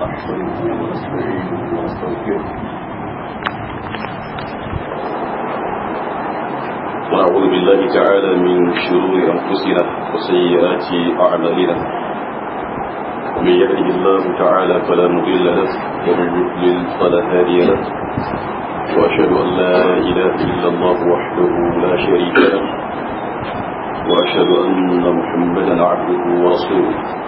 نحمده ونعوذ بالله تعالى من شرور أنفسنا وسيئات أعمالنا ومن يهده الله تعالى فلا مضل له ومن يضلل فلا هادي له وأشهد أن لا إله إلا الله وحده لا شريك له وأشهد أن محمدا عبده ورسوله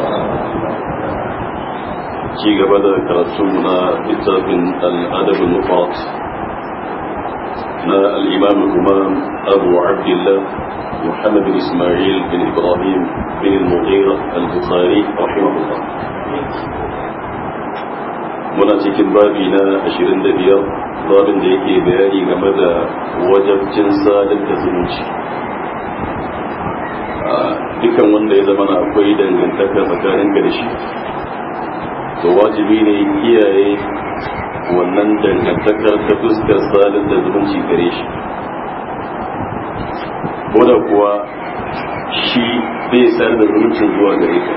ci gaba da karatu na littafin al'adabin nufat na al'imam umar abu abdullah muhammad bin ismail bin ibrahim bin mughira al-bukhari rahimahullah muna cikin babi na 25 babin da yake bayani game da wajabcin sadar da zumunci Dukkan wanda ya zama na akwai dangantaka tsakanin da shi to wajibi ne kiyaye wannan dangantakar ta fuskar salin da zumunci gare shi ko da kuwa shi zai sayar da zumuncin zuwa gare ka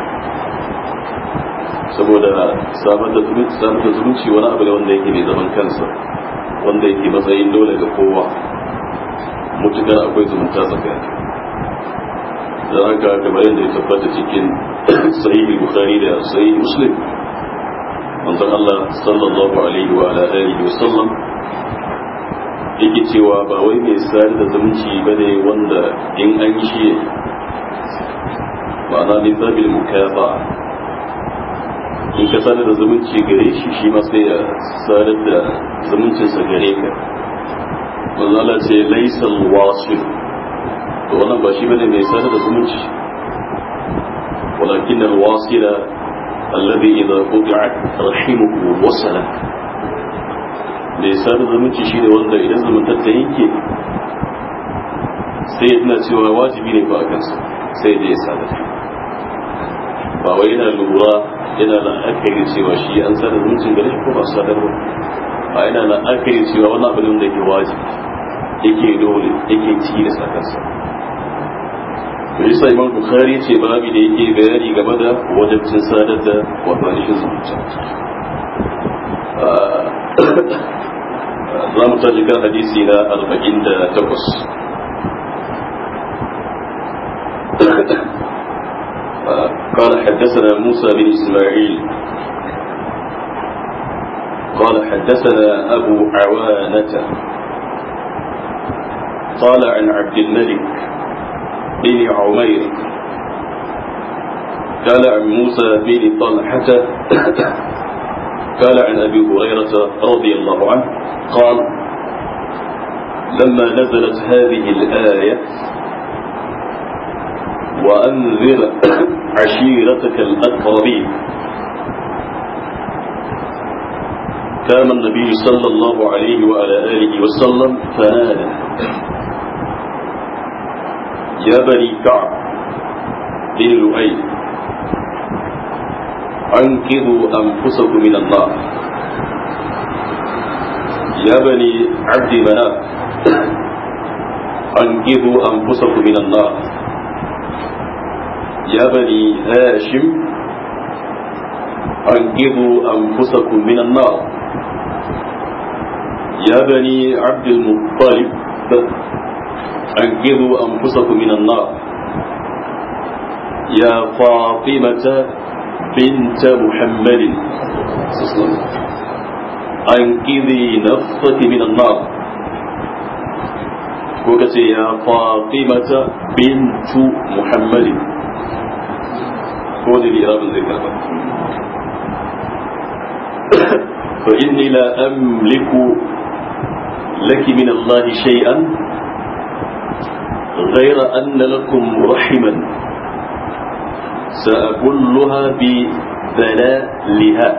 saboda samar da zumunci wani abu ne wanda yake mai zaman kansa wanda yake matsayin dole ga kowa mutukar akwai zumunta tsakani da haka kamar yadda ya tabbata cikin sahihi bukhari da sahihi muslim manzon Allah sallallahu alaihi wa alihi wa sallam yake cewa ba wai mai sayar da zumunci bane wanda in an shi ma'ana ne zabil mukasa in ka sadar da zumunci gare shi shi ma sai ya sadar da zumuncinsa gare ka manzon Allah ce laisal wasil to wannan ba shi bane mai sadar da zumunci walakin alwasila allabi idan buga rahimuhu wasala me ya sadu zumunci shi ne wanda idan zumunta ta yanke sai ya tuna cewa wajibi ne ba a kansa sai da ya sadar ba wai yana lura yana la'akari cewa shi an sadar zumuncin gare shi ko ba sadar ba ba yana la'akari cewa wani abin da ke wajibi yake dole yake ci da sakarsa da yasa imam bukhari ce babi da yake bayani game da wajabcin sadar da wato ainihin zumunta za mu tashi kan hadisi na arba'in da takwas قال حدثنا موسى بن إسماعيل قال حدثنا أبو عوانة قال عن عبد الملك بن عمير قال عن موسى بن طلحة قال عن أبي هريرة رضي الله عنه قال لما نزلت هذه الآية وأنذر عشيرتك الأقربين كان النبي صلى الله عليه وعلى آله وسلم فنادى يا بني كعب بن لؤي أنقذوا أنفسكم من النار يا بني عبد مناف أنقذوا أنفسكم من الله يا بني هاشم أنقذوا أنفسكم من النار يا بني عبد المطلب أنقذوا أنفسكم من النار يا فاطمة بنت محمد أنقذي نفسك من النار وكتي يا فاطمة بنت محمد قولي لإراب الذكر فإني لا أملك لك من الله شيئا غير أن لكم رحما سأقولها بذلالها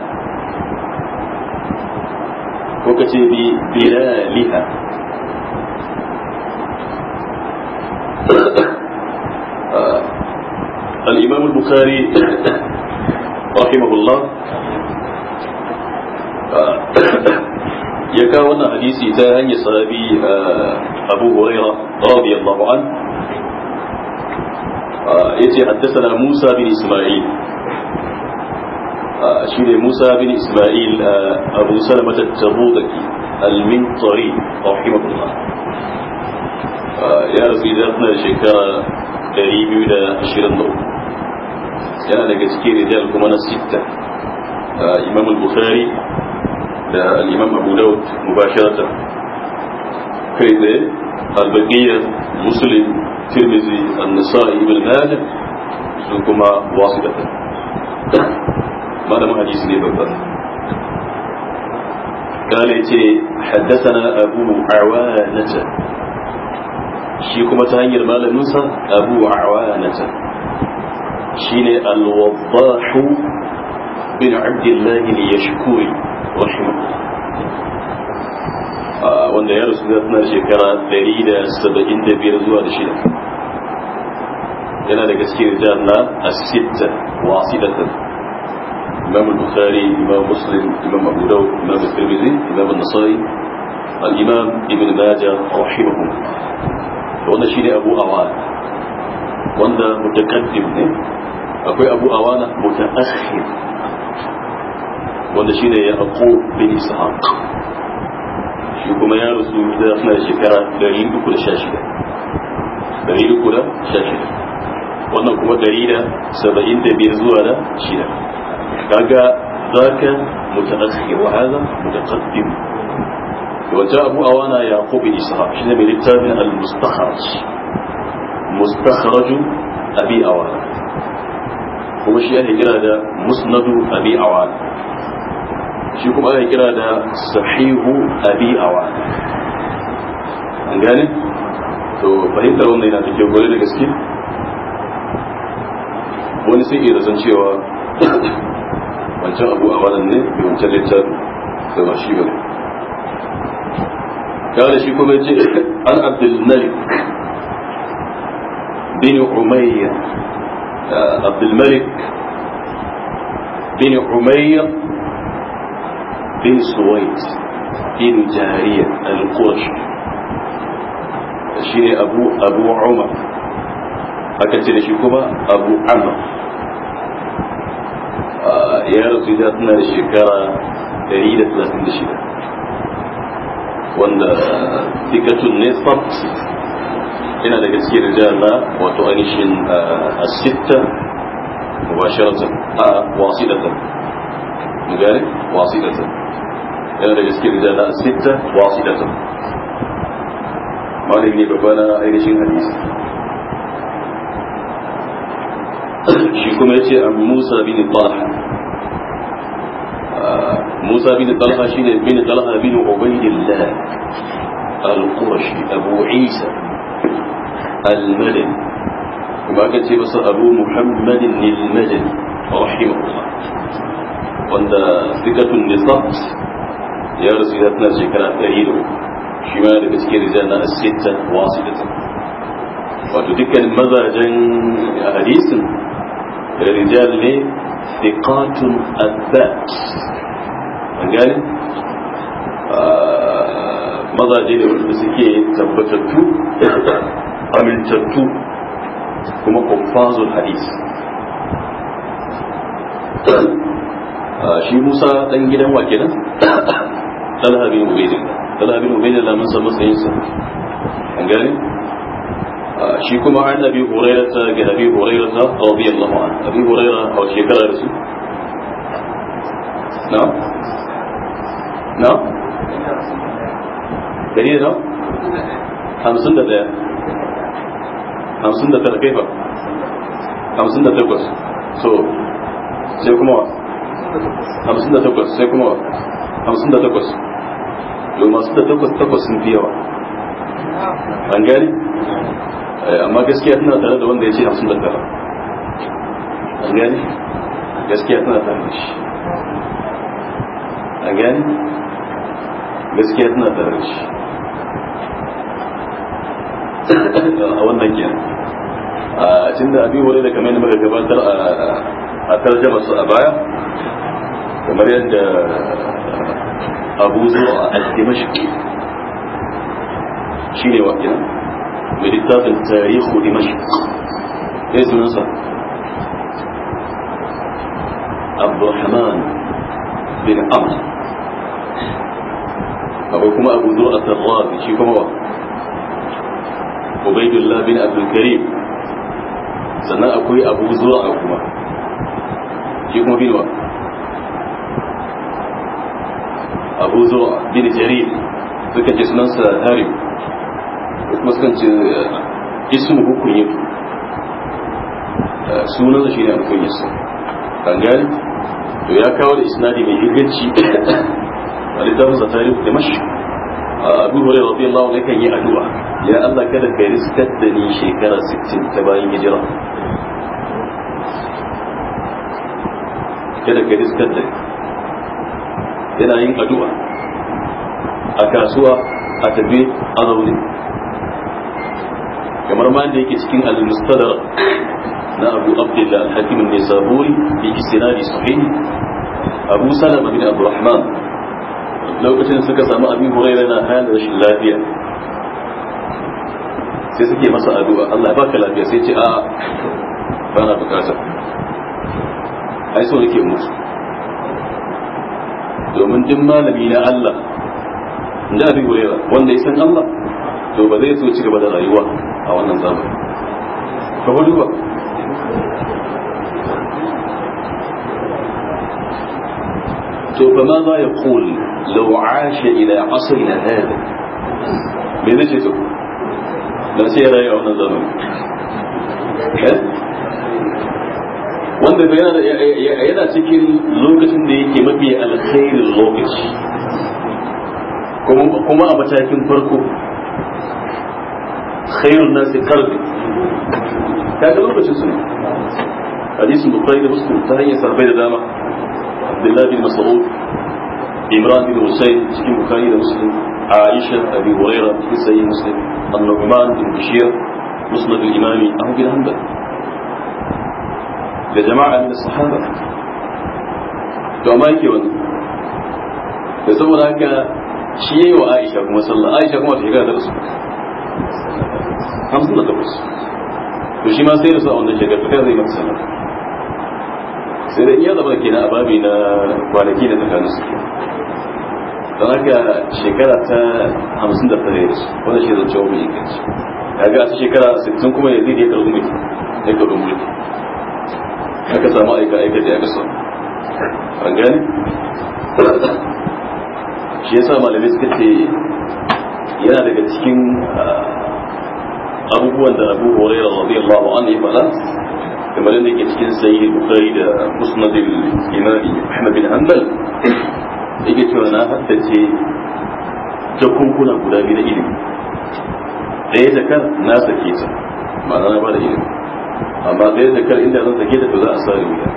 وكتب ببلالها آه، الإمام البخاري رحمه الله آه، ya kawo wannan hadisi ta hanyar sahabi abu huraira radiyallahu an ya ce haddasa musa bin isma'il shi ne musa bin isma'il abu Salama salamata tabuzaki almintari rahimahullah ya rasu idan na shekara 223 yana daga cikin rijal kuma na sita imam al-bukhari da al'imam abu daud mubashirata kai tsaye albaqiyya muslim tirmizi an-nasa'i ibn majah su kuma wasitata malamin hadisi ne babban قال حدثنا أبو عوانة شيكم تهنجر مال النسا أبو عوانة شين الوضاح bin abdullahi ne ya shikori rahimahullah uh, ya rasu da tana shekara 175 zuwa da shida yana da gaske rijal na asitta wasidatan imam al-bukhari imam muslim imam abu dawud imam al-tirmidhi imam an-nasai al-imam ibn majah rahimahum wannan abu wanda mutaqaddim ne akwai abu awana mutaakhir wanda shine aku bin ishaq shi kuma ya rasu da suna da shekara 316 316 wannan kuma 175 zuwa da shida kaga zaka mutaakhir wa hada mutaqaddim wata abu awana aku bin ishaq shi ne mai littafin al-mustakhraj mustakhraj abi awana kuma shi ake kira da musnadu abi awal shi kuma ake kira da sahihu abi awal an gane to fahimtar wannan yana da gore da gaske wani sai iya zan cewa wancan abu a wannan ne bai wancan littafin da ba shi bane kada shi kuma ce an abdul malik bin umayya آه، عبد الملك بن عمير بن سويس بن جارية القرش شيني أبو أبو عمر أكتر شكوما أبو عمر آه، يا رسول الشيكارة الشكرة دليل 36 وأن آه، ثقة نصف ina daga cikin rijal na wato ainihin asitta mubasharatan a wasidatan gane wasidatan ina daga cikin rijal na asitta wasidatan malami ne babba na ainihin hadisi shi kuma ya ce an musa bin talha musa bin talha shi ne bin talha bin ubaidillah al-qurashi abu isa المدني وما كان سيبا أبو محمد المدني رحمه الله وانت ثقة لصبت يا رسيدتنا شكرا تعيده شمال بسكير زانا الستة واصلة وتدك المذاجا حديثا الرجال لي ثقات الذات قال آه، مضى جيل المسكين ثبتته amintattu kuma kufazul hadis ah, shi musa dan gidan wa kenan talha bin ubaidillah talha bin ubaidillah mun san matsayinsa an gani ah, shi kuma an nabi ta ga nabi hurairata radiyallahu anhu nabi huraira a wace shekara da su na na gani da hamsin da daya hamsin da tara kaifa hamsin da takwas so sai kuma wa hamsin da takwas sai kuma wa hamsin da takwas yau masu da takwas takwas sun fi yawa an gani eh, amma gaskiya tana tare da wanda ya ce hamsin da tara an gani gaskiya tana tare da shi an gani gaskiya tana tare da shi a wannan kenan a cikin da abin wurin da kamar yadda muka gabatar a tarjama su a baya kamar yadda abu zuwa a dimashiki shi ne wakil mai littafin tarihu da mashi ya yi sunansa abdulhaman bin amma akwai kuma abu zuwa a tarrafi shi kuma wakil ubaidullah bin abdul sannan akwai abu zuwa kuma shi kuma binwa abu zuwa bin jarir suka ce sunansa harib kuma suka ce eh, ismu hukunyi eh, sunansa shi ne hukunyarsa kan gani to ya kawo da isnadi mai inganci a littafin sa tarihi da mashi abu hore rafi Allah ne kan yi addu'a ya Allah kada ka yi da ni shekara 60 ta bayan hijira kada ka yi da yana yin addu'a a kasuwa a tafi a zaune kamar ma da yake cikin al-mustadar na abu abdullahi al-hakim ne saburi da istinadi sahihi abu salama bin abdurrahman lokacin suka samu abin huraira na halin rashin lafiya sai suke masa addu'a Allah ya baka lafiya sai ce a bana na bukata ai so nake musu. domin duk malami na Allah da abin huraira wanda ya san Allah to ba zai so ci gaba da rayuwa a wannan zamani ka wani ba فماذا يقول لو عاش إلى عصرنا هذا ماذا جئتم لا شيء لا يعون ظنون wanda yana cikin lokacin da yake mafi alkhairin lokaci kuma a matakin farko khairun nasi karfi ta ga lokacin su ne hadisin bukhari da muslim ta hanyar sarfai da dama عبد الله بن مسعود عمران بن حسين في البخاري ومسلم عائشة أبي هريرة في سيد مسلم النعمان بن بشير مسند الإمام أبو بن حنبل جماعة من الصحابة كما يكي وانا لسبب هكا شيء وعائشة كما صلى الله عائشة كما في هكذا رسول خمسة نتبس وشي ما سيرسا وانا شكرا فكذا يمت سنة sai da iya zama ke a babi na kwanaki da tsakanin su don haka shekara ta hamsin da tare su wanda shi zance wa mai inganci ya ga su shekara sittin kuma ya zidi ya karbi mulki ya karbi mulki aka samu aika aika da ya ga sau an gani shi sa malamai suka ce yana daga cikin ah, abubuwan da abu horaira radiyallahu anhu ya faɗa kamar yadda ke cikin sayi bukari da musnadin imani ahmad bin hanbal yake cewa na haddace jakunkuna guda biyu na ilimi ɗaya kar na sake ta ba na ba da ilimi amma ɗaya kar inda zan sake ta to za a sa wuya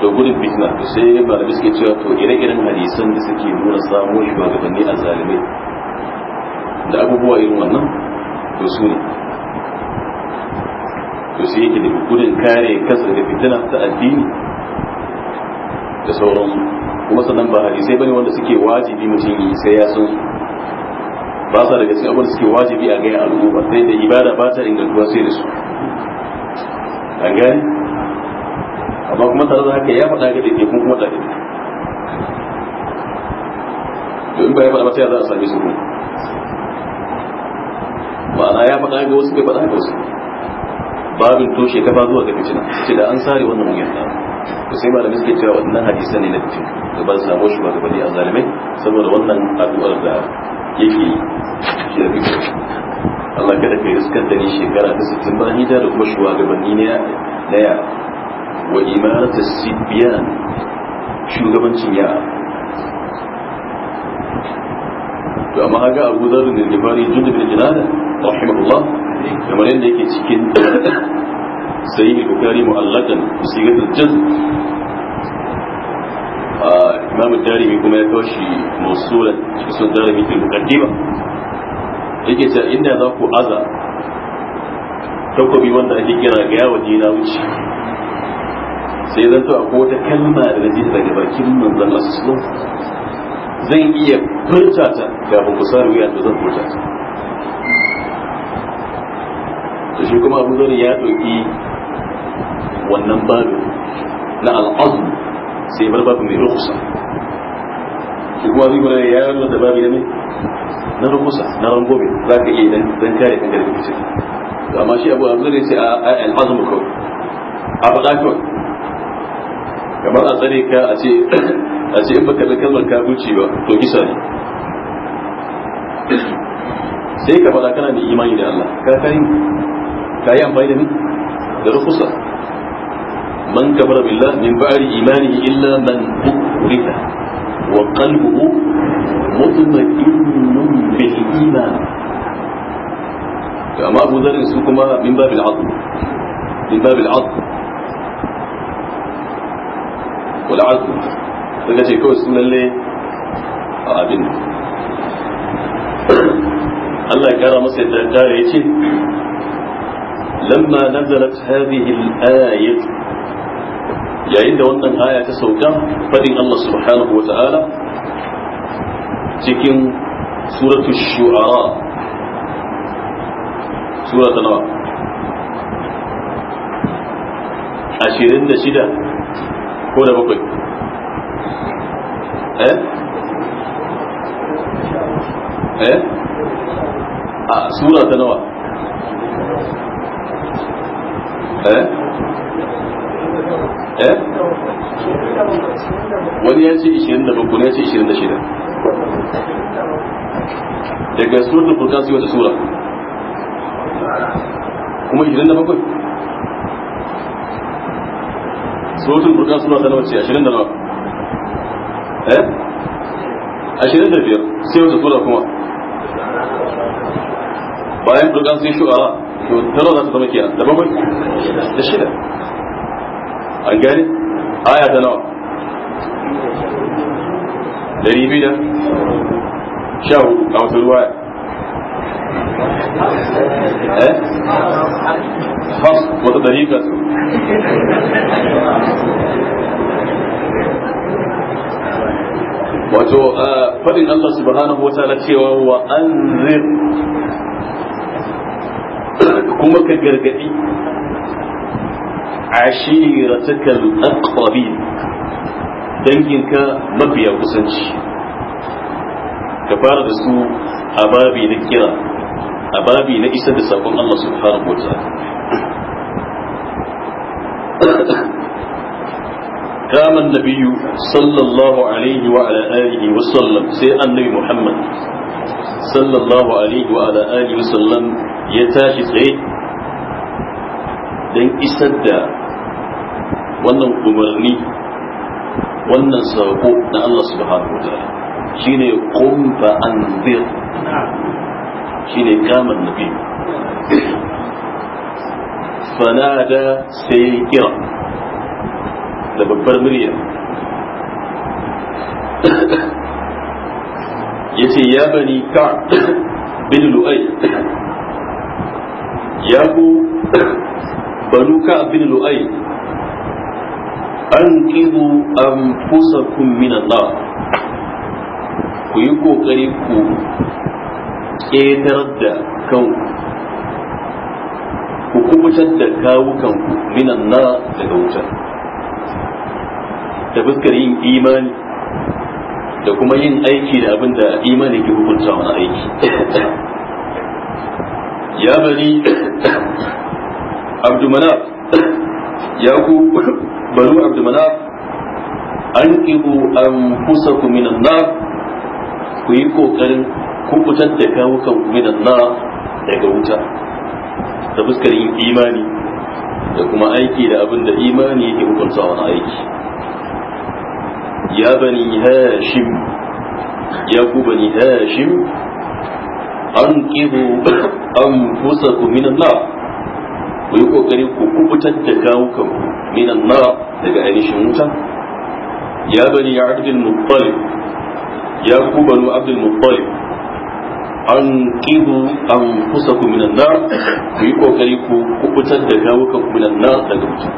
to gudun fitna to sai ba da biske cewa to ire-iren hadisan da suke nuna samun shugabanni a zalimai da abubuwa irin wannan to su ne to sai yake da gudun kare kansa daga fitina ta addini da sauran kuma sannan ba hadisai bane wanda suke wajibi mutum yi sai ya san ba sa daga cikin abin da suke wajibi a gaya al'umma sai da ibada ba ta ingantuwa sai da su an gani amma kuma tare da haka ya faɗa ga dake kun kuma tare da in ba ya faɗa ba sai za a same su kuma ma'ana ya faɗa ga wasu bai faɗa ga wasu babin toshe ba zuwa ga fitina sai da an sare wannan muryar ta to sai malamin suke cewa wannan hadisan ne na fitina da ba su samu shi ba gabani a zalimai saboda wannan addu'ar da yake shi da fitina Allah kada kai riskar da ni shekara ta 60 ba ni da kuma bani ne na ya wa imaratu sibiyan shugabancin ya. to amma ga abu ne da bari jinda da jinada rahimahullah kamar yadda yake cikin sayi da bukari mu'allakan musigatul jazm imam darimi kuma ya kawo shi musulan cikin sun darimi fil muqaddima yake cewa inda za ku aza takobi wanda ake kira ga yawo dina wuce sai zan to akwai wata kalma da naji daga bakin manzon Allah sallallahu zan iya furta ta kafin ku sa wuya da zan furta ta da shi kuma abu zarin ya ɗauki wannan babu na al'azmi sai bar babu mai rukusa shi kuma abu gudanar ya yaro da babu yanayi na rukusa na rangobi za ka iya dan kare kan garbi ce amma shi abu abu zarin sai al'azmi kawai a faɗa kamar a tsare ka a ce a ce in baka ka kalmar kabuci ba to kisa ne sai ka faɗa kana da imani da Allah ka kai ka yi amfani da ni da rukusa man kafara billah min ba'ri imanihi illa man ukrita wa qalbuhu mutma'innun bil iman kama Abu Dharr su kuma min babil adl min babil adl wal azm daga ce kawai sun lalle a abin Allah ya kara masa yadda ya ce لما نزلت هذه الآية يعني ده وانا الآية تسوكا فدين الله سبحانه وتعالى تكن سورة الشعراء سورة نوع عشرين نشدة كون بقي ايه ايه سورة نوع eh eh wani ya ce 27 ne ya ce 26 daga suratul furqan yi wata sura kuma 27 suratul furqan sura ta ashirin da 29 eh 25 sai wata sura kuma bayan furqan yi shugara to talo za ta zama kenan da bakwai da shida an gane aya ta nawa dari biyu da sha hudu a wata ruwaya eh fas wata dari ka wato fadin Allah subhanahu wa ta'ala cewa wa anzir kuma ka gargaɗi gargadi ashiratakal aqrabin danginka mafiya kusanci ka fara da su a babi na kira a babi na isar da sakon Allah subhanahu wa ta'ala kama nabiyyu sallallahu alaihi wa ala alihi wa sai annabi Muhammad sallallahu alaihi wa ala alihi wasallam ya tashi tsaye don isar da wannan umarni wannan sako na Allah subhanahu wa ta'ala shine qum fa anzir shine kamar nabi fanada sai kira da babbar murya yace ya bani ka bin lu'ay ya ku banu ka bin lu'ay anqidu anfusakum min Allah ku yi kokari ku ƙetar da kanku ku kubutar da kawukan ku min Allah daga wutar da fuskar yin imani da kuma yin aiki da abin da imani ke hukunta wani aiki ya bari abdumanaf ya ku bari abdumanaf an ibu an kusa ku minan na ku yi kokarin kukutar da kawukan ku minan na daga wuta da fuskar yin imani da kuma aiki da abin da imani yake hukunta wani aiki ya bani hashim ya ku bani hashim an ƙihu an fusa ku minan na ku yi ƙoƙari ku kubutar da kawukan minan na daga ainihin wuta ya bani abdul muttalib ya ku banu abdul muttalib an ƙihu an fusa ku minan na ku yi ƙoƙari ku kubutar da kawukan minan na daga wuta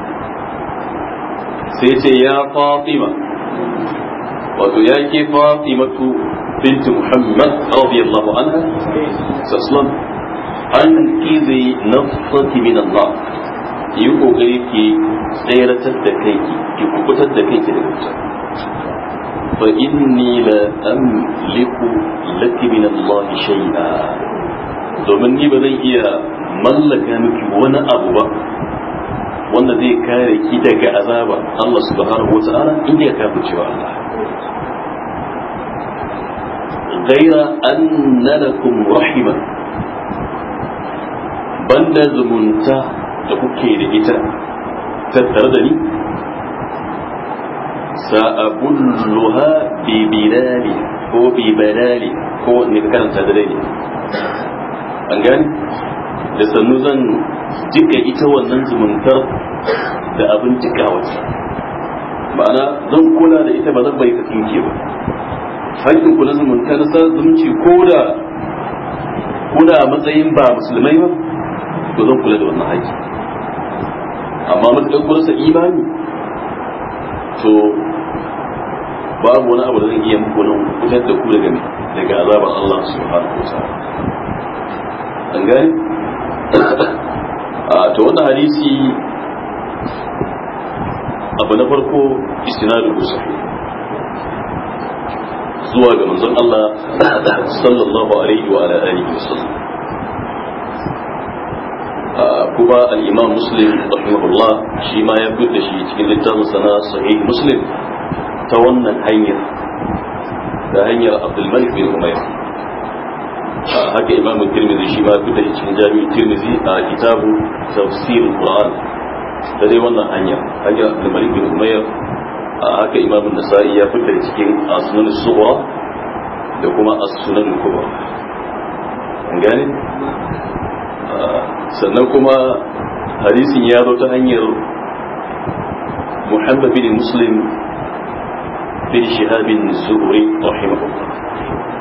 sai ce ya fatima wato ya ke fatimatu binti muhammad radiyallahu anha saslan an kizi nafsati min allah yi kokari ki tsayaratar da kai ki kubutar da kai ki daga wuta fa inni la amliku laki min allah shay'a domin ni ba zan iya mallaka miki wani abu ba wanda zai kare ki daga azaba Allah subhanahu wata'ala inda ya kafirce wa Allah ghaira anna lakum rahima banda zumunta da kuke da ita tattare da ni sa'abulluha bi bilali ko bi balali ko ne karanta da dai an gani da sannu zan jika ita wannan zumuntar da abin jika wata ma'ana zan kula da ita ba zan bai ta ke ba hakkin kula zumunta na zumunci ko da kuna matsayin ba musulmai ba to zan kula da wannan haiki amma matuƙar kula sa imani to babu wani abu da zan iya muku nan kusa da ku daga daga azabar Allah subhanahu wa ta'ala an gani to wannan hadisi abu na farko istinadu sahi zuwa ga manzon Allah sallallahu alaihi wa ala alihi wasallam kuma al-imam muslim rahimahullah shi ma ya bude shi cikin littafin sana sahih muslim ta wannan hanyar ta hanyar abdul malik bin umayr haka imam tirmizi shi ma fita cikin jami tirmizi a kitabu tafsir qur'an da dai wannan hanya hanya da malik bin a haka imam nasa'i ya fita cikin asnan suwa da kuma as-sunan kubra an gane sannan kuma hadisin ya zo ta hanyar muhammad bin muslim bin shihab bin zuhri rahimahullah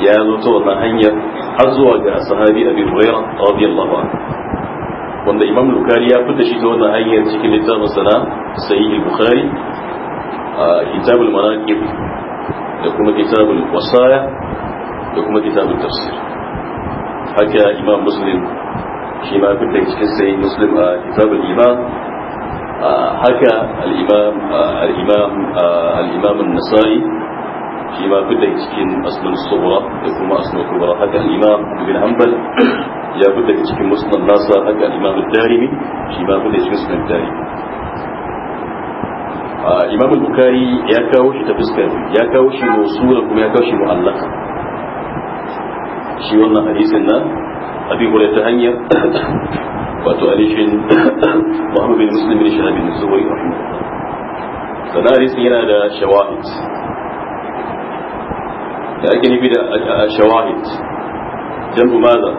ya zo ta wannan hanyar har zuwa ga sahabi abi hurairah radiyallahu anhu wanda imam bukhari ya fita shi ta wannan hanyar cikin littafin sana sahih al-bukhari kitab al maraqib da kuma kitab al-wasaya da kuma kitab al-tafsir haka imam muslim shi ma fita cikin sahih muslim a kitab al-iman haka al-imam al-imam al-imam an-nasa'i فيما بدا يتكين أصل الصغرى يقول ما أصل الكبرى هكا الإمام بن حنبل يا بدا يتكين مصنى الناس هكا الإمام الدارمي فيما بدا يتكين مصنى الدارمي آه، إمام البكاري يا كاوشي تبسكاري يا كاوشي رسولكم يا كاوشي معلق شي والله حديث لنا أبي هو يتهنيا وتؤنيش محمد بن مسلم بن شهاب بن الزهري رحمه الله فنا حديث هنا شواهد da ake nufi da shawahid jambu maza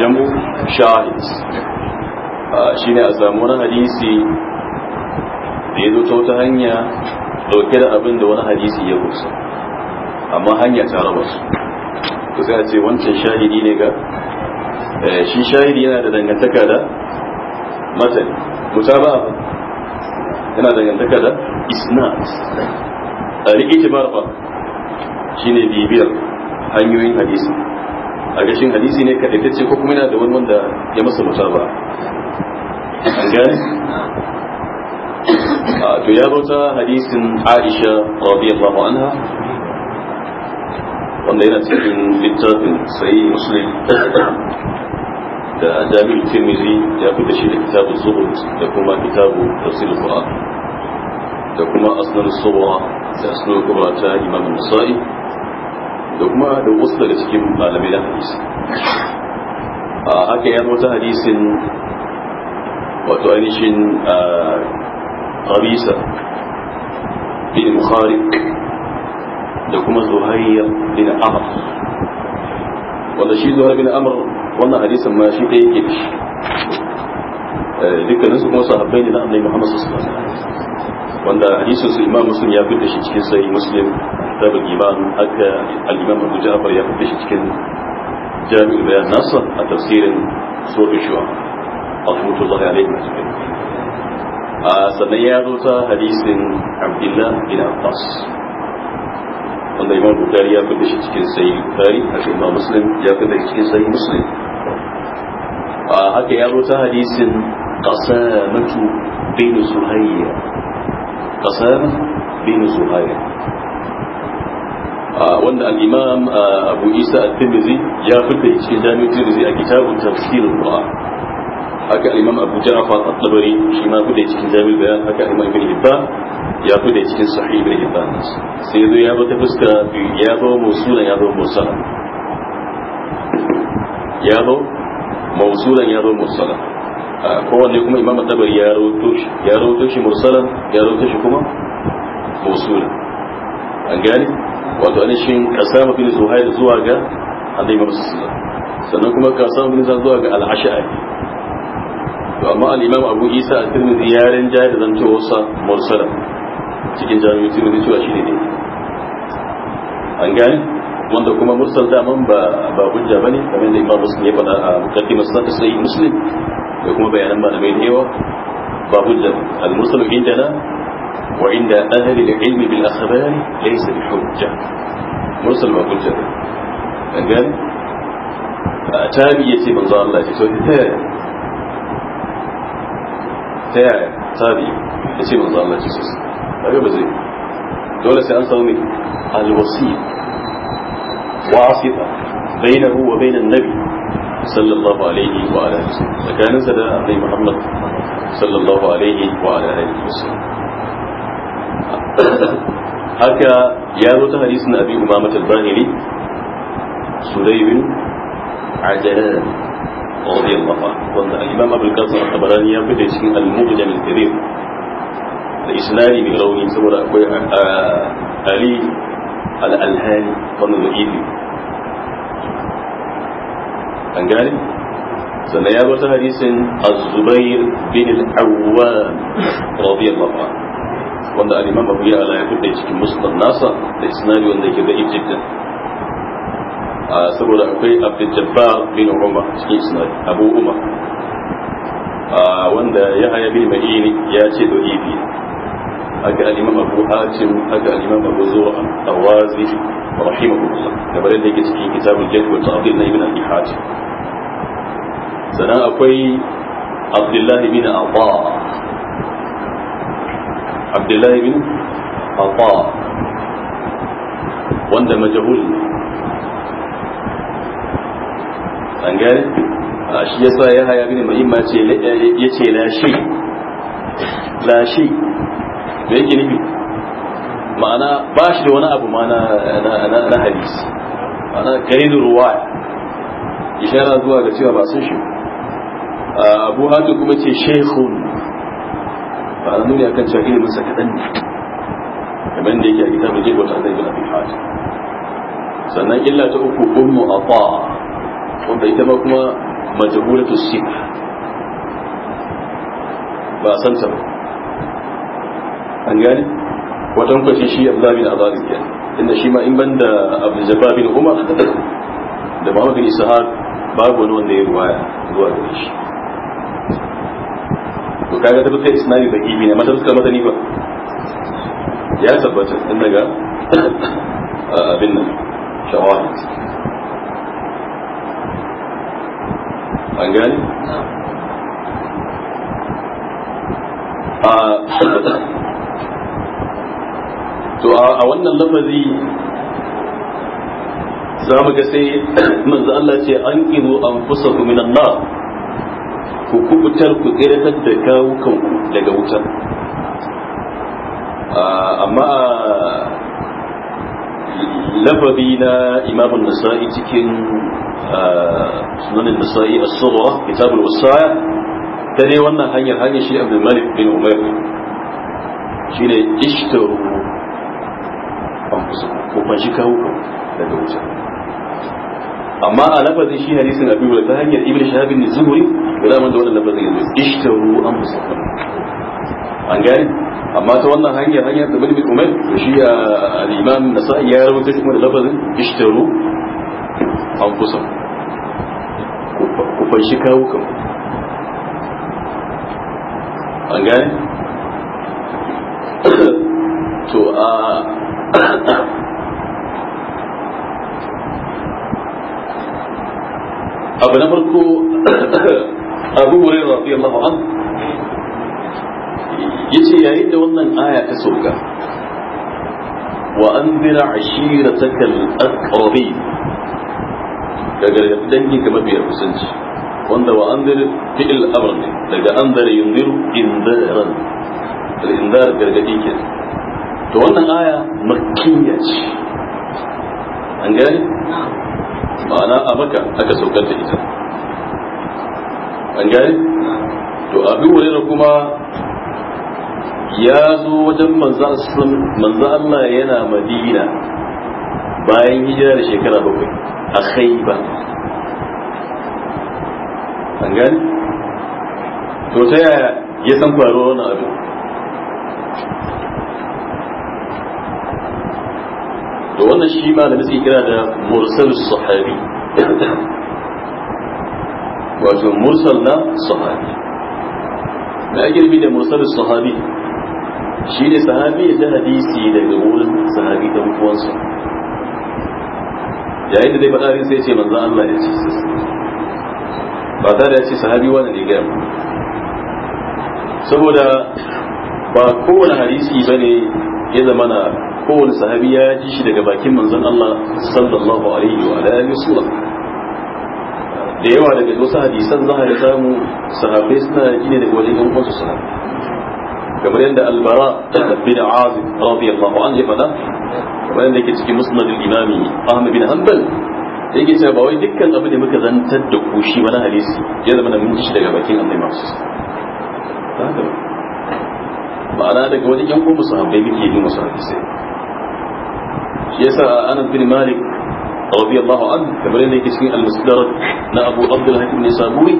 jam'u shahid ne a samu wani hadisi da ya zo ta wata hanya dauke da abin da wani hadisi ya kusa amma hanya ta raba su ku sai a ce wancan shahidi ne ga eh, shi shahidi yana da dangantaka da matani abu yana dangantaka da isnad a rikici marfa shine bibiyar hanyoyin hadisi a gashin hadisi ne ta ce ko kuma yana da wani wanda ya masa ba an gane to ya bauta hadisin aisha radiyallahu anha wanda yana cikin littafin sai muslim da jami'in tirmizi ya fi da shi da kitabun zuhud da kuma kitabu tafsir qur'an da kuma asnan suwa da asnan kubra ta imam nasa'i da kuma da wasu daga cikin malamai na hadisi a haka ya zo ta hadisin wato ainihin harisa bin muharik da kuma zuhariya bin amr wanda shi zuhariya bin amr wannan hadisin ma shi ɗaya yake da shi eh, dukkaninsu kuma sahabbai ne na annai muhammad sallallahu alaihi wasallam wanda hadisin su imam muslim ya fitta shi cikin sai muslim da kitabul iman haka al-imam abu ja'far ya fitta shi cikin jami'ul bayan nasa a tafsirin sura shu'a rahmatullahi alaihi wasallam a sannan ya zo ta hadisin abdullah bin abbas wanda imam bukari ya fitta shi cikin sai bukari haka imam muslim ya fitta shi cikin sai muslim a haka ya zo ta hadisin qasamatu bin zuhayya ƙasar bin zuhair ah, wanda al'imam ah, abu isa al-tirmizi ya fita cikin jami'in tirmizi a kitabun tafsirin ruwa haka al'imam abu ja'afa al-tabari shi ma fita cikin jami'in bayan haka al'imam ibn hibban ya fita cikin sahih ibn hibban sai zo ya bata fuska ya zo musulan ya zo mursala ya zo mausulan ya zo mursala kowanne kuma imam tabari ya rawato shi ya rawato shi mursalan ya rawato shi kuma mausul an gani wato anishin kasama bin zuhair zuwa ga annabi imam sallallahu sannan kuma kasama bin zuhair zuwa ga al-ash'ari to amma al-imam abu isa at-tirmidhi ya ranja da wasa mursalan cikin jami'in tirmidhi cewa shi ne an gani wanda kuma mursal man ba ba hujja bane kamar da Imam Muslim ya faɗa a mukaddimar sunan sai Muslim da kuma bayanan malamai da yawa ba hujja al-muslim indana wa inda ahli al-ilm bil akhbari laysa bi hujja muslim ba hujja dan gani tabi yace manzo Allah ya ce ta yaya ta yaya tabi yace manzo Allah ya ce kaga ba zai dole sai an samu ne al-wasi wasita bainahu wa bainan nabi sallallahu alaihi wa ala alihi tsakaninsa da annabi Muhammad sallallahu alaihi wa ala alihi haka ya zo ta hadisin Abi Umamah al-Bahiri Sudayy bin Ajlan radiyallahu anhu wanda al-Imam Abu al-Qasim al-Tabarani ya fita cikin al-Mu'jam al-Kabir da isnadi mai rauni saboda akwai Ali al-Alhani wannan da an gane sannan ya zo ta hadisin az-zubair bin al-awwam radiyallahu wanda al-imam Abu Ya'la ya fitta cikin musnad nasa da isnadi wanda yake da jiddan saboda akwai Abdul Jabbar bin Umar cikin isnadi Abu Umar wanda ya haya bin Ma'ini ya ce do ibi Aga al'imam abu hatim abu zuwa kamar yadda yake cikin na hatim sannan akwai abdullahi bin abba abdullahi bin abba wanda majahul an gane shi yasa ya haya bin ma'imma ce ya ce la lashe. da yake nufi ma'ana ba shi da wani abu ma'ana na hadis ma'ana ganin ruwa ishara zuwa ga cewa ba sun shi abu hatu kuma ce sheikhun ba a nuni akan cewa ilimin sa kaɗan ne kamar da yake a gita mai jirgin wata zai gina bai hajji sannan illa ta uku ummu ba wanda ita ma kuma majahulatu sifa ba san ta ba an gani watankwashe shi abdullahi bin azarin ya inda shi ma in ban da abdulljabba bin umar da ba mafi isa har babu wani wanda ya ruwaya zuwa da shi to kaga ta fuskar isnadi da ibi ne mata fuskar madani ba ya tabbata in daga abin nan shawahid an gani to a wannan lafazi za mu ga sai manzo Allah ce an kiru an fusa ku min Allah ku kubutar ku tsiratar da kawukan ku daga wutar amma a lafazi na imamun nasa'i cikin sunanin nasa'i a tsohuwa kitabul wasaya ta ne wannan hanyar hanyar shi abdul malik bin umar shi ne ishtaru anfusakum ko fanshi kawo daga wuta amma a lafazin shi hadisin abi wala ta hanyar ibnu shahab bin zuhri da man da wannan lafazin yanzu ishtaru anfusakum an gane amma ta wannan hanyar hanyar da bin umar da shi al-imam nasa'i ya rawaita shi kuma da lafazin ishtaru anfusakum ku fanshi kawo kan an gane to a أبو نمركو أبو مرير رضي الله عنه يسي يأيد ونن آية كسوكا وأنذر عشيرتك الأقربين كأجل يبتنجي كما في أبو سنج وأنذر في الأمر لك أنذر ينذر إنذارا الإنذار كأجل to wannan aya makkiya ce an gani ma'ana a maka aka saukar da ita an gani to abu wani kuma ya zo wajen manzo Allah yana madina bayan hijira da shekara bakwai a khaiba an gani to ta yaya ya san faruwa wani abu to wannan shi ma da suke kira da mursal sahabi wato mursal na sahabi da ake rubi da mursal sahabi shi ne sahabi ya ji hadisi daga wurin sahabi da mutuwansa yayin da dai faɗarin sai ce manzo Allah ya ce ba tare ya ce sahabi wani ne gaya saboda ba kowane hadisi ba ne ya zama na kowane sahabi ya ji shi daga bakin manzon Allah sallallahu alaihi wa alihi wasallam da yawa daga wasu hadisan za a samu sahabbai suna ji ne daga wajen yan wasu sahabbai kamar yadda albara bin azib radiyallahu anhu fada kamar yadda ke cikin musnad al-imami ahmad bin hanbal yake cewa ba wai dukkan abu da muka zantar da ku shi wani hadisi ya zama da mun ci daga bakin annabi masu ma'ana daga wani yan kuma sahabbai muke yi musu hadisai shi yasa anan bin malik radiyallahu an kamar yadda yake cikin al-musdarat na abu abdul hakim ne saburi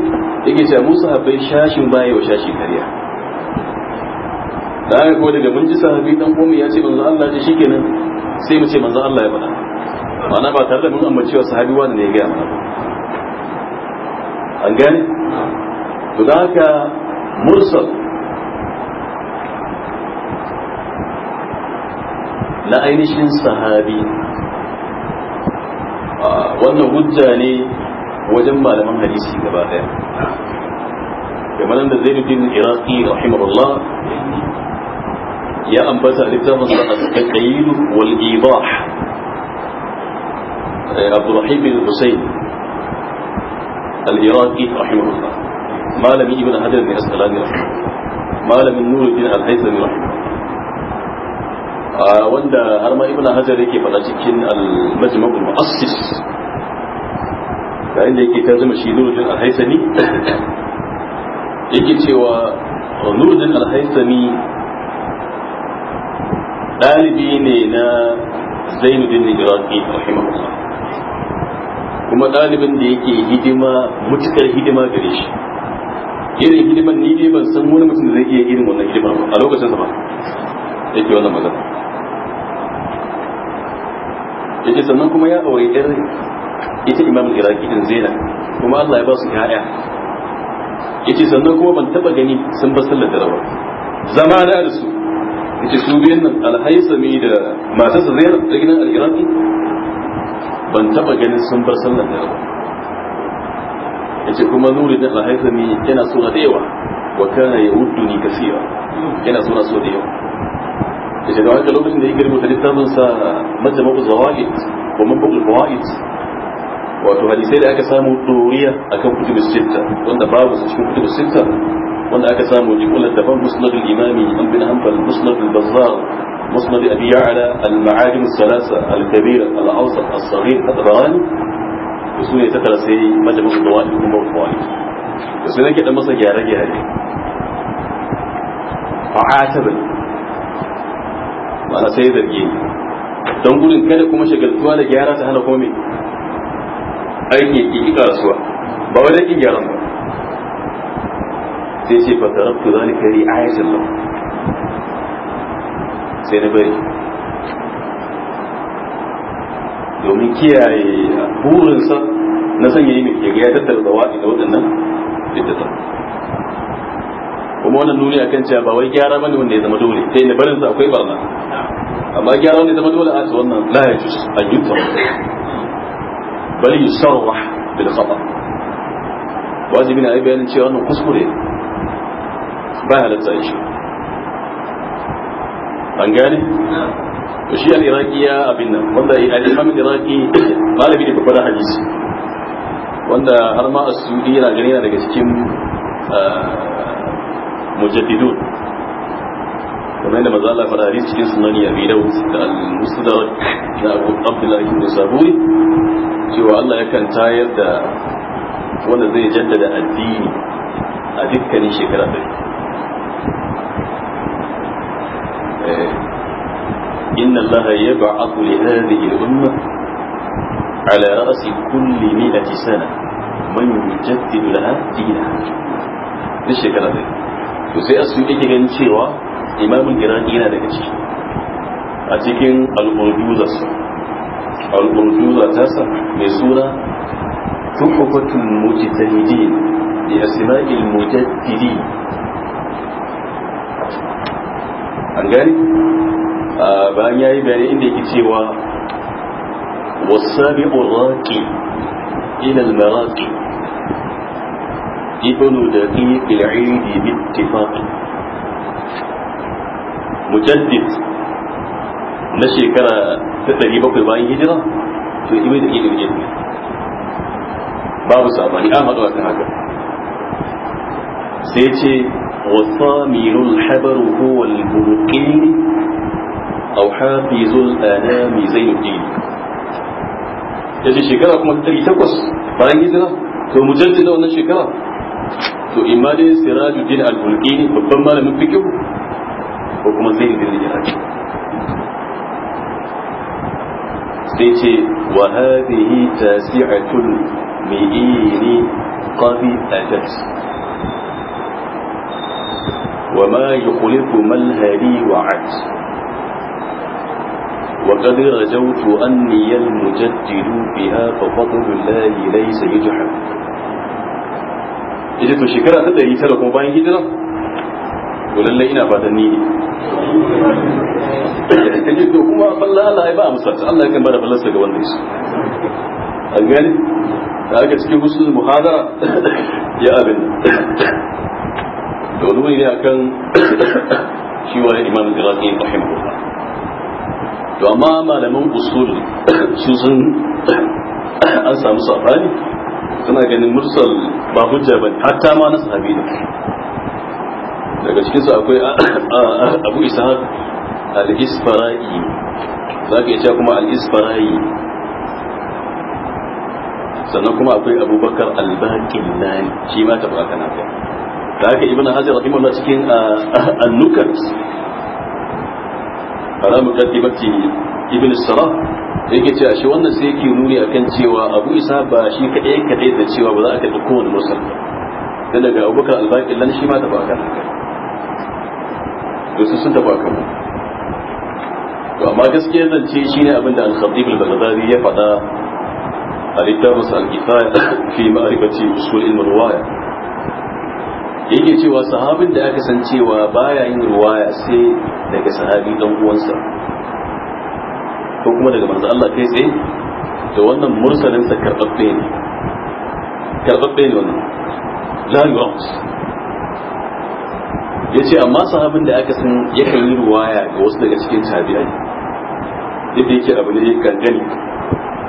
yake cewa musa habbai shashin baye wa shashin kariya da haka ko daga mun ji sahabi dan komai ya ce manzo Allah ya shi kenan sai mu ce manzo Allah ya faɗa mana ba tare da mun ambaci wa sahabi wani ne ya ga mana an gane to da haka mursal na ainihin sahabi wannan hujja ne wajen malaman hadisi gaba daya kamar da zai zainuddin iraki rahimahullah ya ambata littafin littafinsa a tsakailu wal ibah abu rahim bin husayn al iraki rahimahullah malami ibn hajar bin asalani rahimahullah malamin nuruddin al-haythami rahimahullah wanda har ma ibn hajar yake faɗa cikin al al mu'assis da inda yake zama shi nurudin al-haisani yake cewa nurudin al-haisani dalibi ne na zainuddin al-iraqi rahimahullah kuma dalibin da yake hidima mutukar hidima gare shi irin hidiman ni dai ban san wani mutum da zai iya irin wannan hidima ba a lokacin sa ba yake wannan magana yace sannan kuma ya aure yar ita imam iraki din zainab kuma Allah ya ba su ƴaƴa yace sannan kuma ban taba gani sun ba sallar darawa zama na da su yace su biyan nan alhaisami da sa zainab da gidan al-iraki ban taba gani sun bar sallar darawa yace kuma nuri da alhaisami yana so da yawa wa kana yauddu ni kasira yana so na so da yawa da da wani lokacin da ya girma da littafin sa majma'u zawaid wa mabul fawaid wato hadisai da aka samu doriya akan kutubus sitta wanda babu su cikin kutubus sitta wanda aka samu jikulan daban musnad al-imami an bin hanbal musnad al-bazzar musnad abi ya'la al-ma'alim al-salasa al-kabira al-awsat al-saghir al-tabrani su ne tattara sai majalisar da wani kuma wani da su nake dan masa gyare-gyare fa'atabin ma'ana sai zarge don gudun kada kuma shagaltuwa da gyara ta hana kome aiki ya ƙi ƙarasuwa ba wai daƙin gyaran ba sai ce fatarar kari a ri'ayatan lahu sai na bari domin kiyaye burinsa na sanya yi mai ya tattara zawaɗi da waɗannan littattafai kuma wannan nuni kan cewa ba wai gyara bane wanda ya zama dole sai ne barin sa akwai barna amma gyara wanda ya zama dole a ce wannan la ya jus an yutta bal yusarrah bil khata wajibi ne a yi bayanin cewa wannan kuskure ba ya halatta shi an gane to shi al-iraqi ya abin nan wanda al-imam al-iraqi malami ne babban hadisi wanda har ma as-sudi yana gani yana daga cikin eh, mujaddidun kuma yadda maza Allah fara hadisi cikin sunani abi daud da al-mustadrak da abu abdullahi ibn saburi cewa Allah yakan tayar da wanda zai jaddada addini a dukkanin shekara ɗari إن الله يبعث لهذه الأمة على رأس كل مئة سنة من يجدد لها دينها ليش كده to sai asu yake ganin cewa imamin iraki yana daga ciki a cikin al'urduzarsa al'urduzarsa mai suna tukufatun mujtahidin bi asma'il mujaddidin an gani bayan yayi bayani inda yake cewa wasabi'ur raqi ila al-maraqi ابن دقيق العيد باتفاق مجدد na shekara ta ɗari bakwai bayan hijira to ibn daqiq al-jid babu sabani an سيتي akan sai ce الحبر هو البرقين أو حافظ الآلام زين الدين يجي شكرا كما تتري تقص فأنجزنا كما مجلد لو أن شكرا to imma dai sirajuddin al mulki babban malamin fiqh ko kuma sai ibn al sai ce wa hadhihi tasi'atun mi'ini qad atat wa ma yukhliqu malhari wa'at وقد رجوت أني المجدد بها ففضل الله ليس يجحف yace to shekara ta ɗari tara kuma bayan hijiran to lallai ina fatan ni ne kaje to kuma Allah Allah ya ba amsa Allah ya kan bada ballarsa ga wanda yaso an gani da aka cikin husnul muhadara ya abin da wani ne akan shi wa imam al-iraqi rahimahullah to amma malaman usul su sun an samu sabani suna ganin mursal ba hujja ba hatta ma na sahabi ne daga cikinsu akwai ah, ah, abu ishaq al-isfara'i za ka iya kuma al-isfara'i sannan kuma akwai abubakar al-baqillani shi ma tafi kana nafi da haka ibn hajar rahimahullah cikin ah, annukat ala muqaddimati ibn sarah yake ce shi wannan sai yake nuni akan cewa abu isa ba shi kaɗai kaɗai da cewa ba za a karɓi kowane musul dan daga abubakar albaƙin lan shi ma ta baka to su sun taɓa kan to amma gaskiya zan ce shi ne abinda al-khatib al-baghdadi ya faɗa a littafinsa al-kifaya fi ma'rifati usul ilmin ruwaya yake cewa sahabin da aka san cewa baya yin ruwaya sai daga sahabi dan uwansa ko kuma daga manzo Allah kai tsaye to wannan mursalin sa karbabbe ne karbabbe ne wannan la yu'ams yace amma sahabin da aka san ya kalli ruwaya ga wasu daga cikin tabi'ai yadda yake abu ne kan gani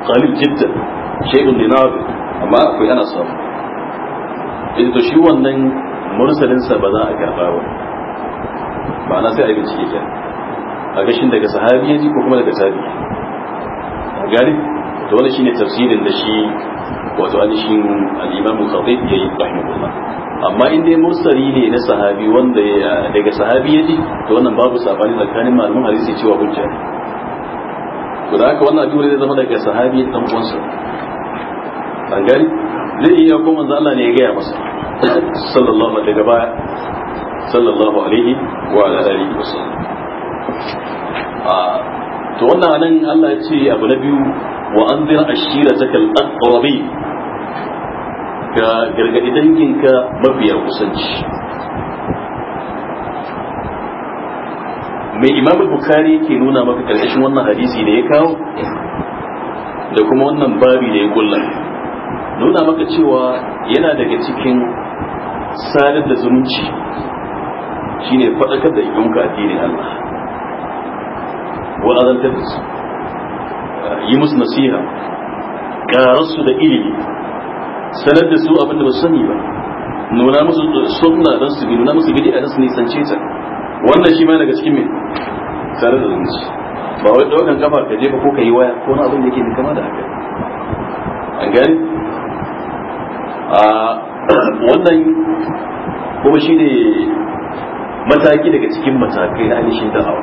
qalil jiddan shay'un dinar amma akwai ana samu idan to shi wannan mursalin sa ba za a karba ba ma'ana sai a yi bincike kenan a gashin daga sahabi ya ji ko kuma daga tabi gari to wani shine tafsirin da shi wato alishin al-imam al-khatib yayi rahimahullah amma in dai mursali ne na sahabi wanda daga sahabi ya ji to wannan babu sabani tsakanin malaman hadisi cewa hujja ne to da haka wannan dole da zama daga sahabi dan uwansa an gari zai iya kuma manzo Allah ne ya gaya masa sallallahu alaihi wa sallallahu alaihi wa alihi wasallam to wannan nan Allah ya ce abu na biyu wa an zira ashira zakal aqrabi ga gargadi danginka mafiya kusanci mai imam bukhari ke nuna maka ƙarƙashin wannan hadisi da ya kawo da kuma wannan babi da ya kulla nuna maka cewa yana daga cikin sadar da zumunci shine faɗakar da yanka addinin Allah wa'azantar da su yi musu nasiha ƙararsu da ilimi sanar da su abinda ba su sani ba nuna musu sunna don su bi nuna musu gidi a don su nisance ta wannan shi ma daga cikin mai tare da zunci ba wai ɗaukan kafa ka jefa ko ka yi waya ko na abin da yake kama da haka an gani a wannan kuma shi ne mataki daga cikin matakai na ainihin da'awa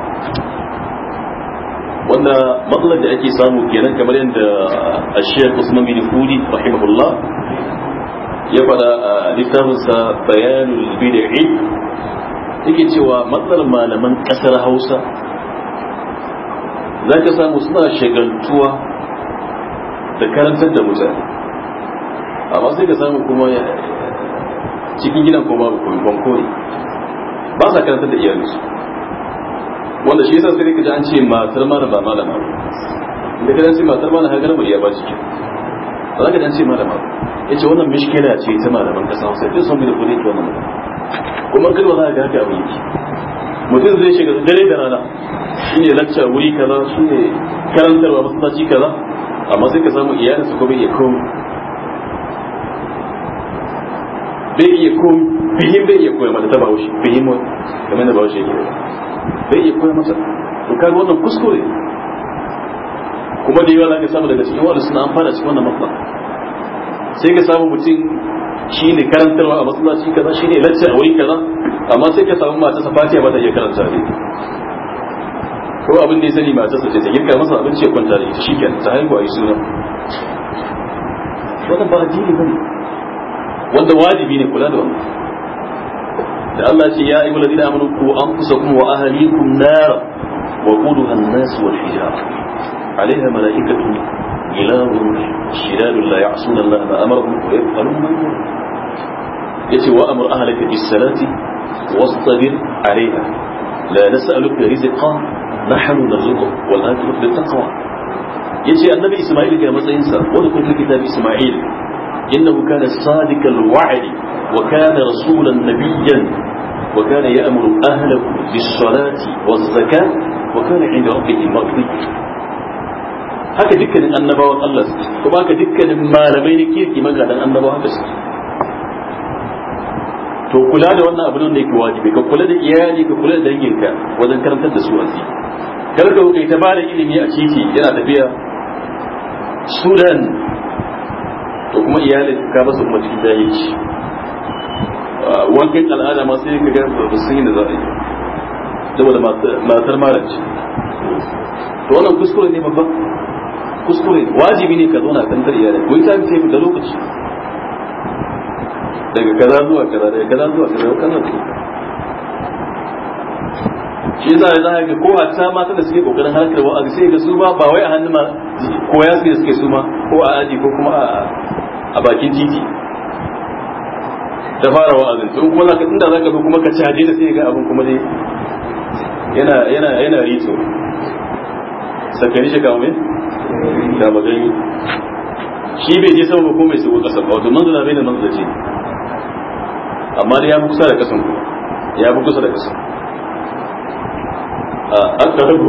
wanda matsalar da ake samu kenan kamar yadda a shiyar usman bin hudi rahimahullah ya faɗa a littafinsa bayanul bid'i yake cewa matsalar malaman ƙasar hausa za ka samu suna shagaltuwa da karantar da mutane amma sai ka samu kuma cikin gidan kuma babu kwankwani ba sa karantar da iyalinsu wanda shi yasa sai ka an ce matar malam ba malama da an ce matar malam har bai ya ba ciki ba za ka dan ce malama ya ce wannan mishkila ce ta malaman kasa sai dai sun bi da kudi ta wannan kuma kar ba za ka ga haka abin yake mutum zai shiga dare da rana shi ne lacca wuri kaza shi ne karantarwa masallaci kaza amma sai ka samu iyalinsa ko bai iya komai bai iya bihin bai iya koya mata ta bahaushe bihin yi mu game da bahaushe ke bai iya koya masa to kai wannan kuskure kuma da yawa za ka samu daga cikin wanda suna amfana cikin wannan matsala sai ka samu mutum shi ne karantarwa a matsala shi kaza shi ne lacce a wuri kaza amma sai ka samu mata sa fatiya ba ta iya karanta ne ko abin da ya sani mata sa ce ta girka masa abinci ya kwanta da ita shi kenan ta haihu a yi suna wannan ba ba ne wanda wajibi ne kula da wannan da Allah ce ya ayyuhal ladina amanu ku kuma wa ahlikum nar wa quduha an-nas wal hijara alaiha malaikatun gilabun shidadun la ya'suna Allah ma amarahum wa yaf'aluna ma yace wa amr ahlaka bis-salati wastabir alaiha la nas'aluka rizqan nahnu narzuquk wal akhiratu lit-taqwa yace annabi Isma'il ga matsayinsa wanda kuma kitabi Isma'il إنه كان صادق الوعد وكان رسولا نبيا وكان يأمر أهله بالصلاة والزكاة وكان عند ربه مرضيا haka dukkanin annabawan Allah su kuma haka dukkanin malamai na kirki magadan annabawa haka su to kula da wannan abin da yake wajibi ka kula da iyali ka kula da danginka wajen karantar da su wasi kar ka ta bada ilimi a titi yana tafiya Sudan to kuma iyalin ka basu kuma cikin ci ah, wankin al'ada ma sai ka gasa da sun yi da za a yi saboda matar mara ci to wannan kuskure ne babba kuskure wajibi ne ka zauna kan iyalin ko ita ce da lokaci daga kaza zuwa kaza daga kaza zuwa kaza kaza shi za a ga ko ta mata da suke kokarin harkar wa'azi sai ga su ma ba wai a hannu ma koya suke suke su ma ko a aji ko kuma a bakin titi da fara wa'azin to kuma zaka inda zaka zo kuma ka ci hadisi sai ga abin kuma dai yana yana yana rito sakari shi ga mai da magani shi bai je sama ba ko mai shigo kasa ba wato manzala bai da manzala ce amma dai ya fi kusa da kasan ya fi kusa da kasan أقرب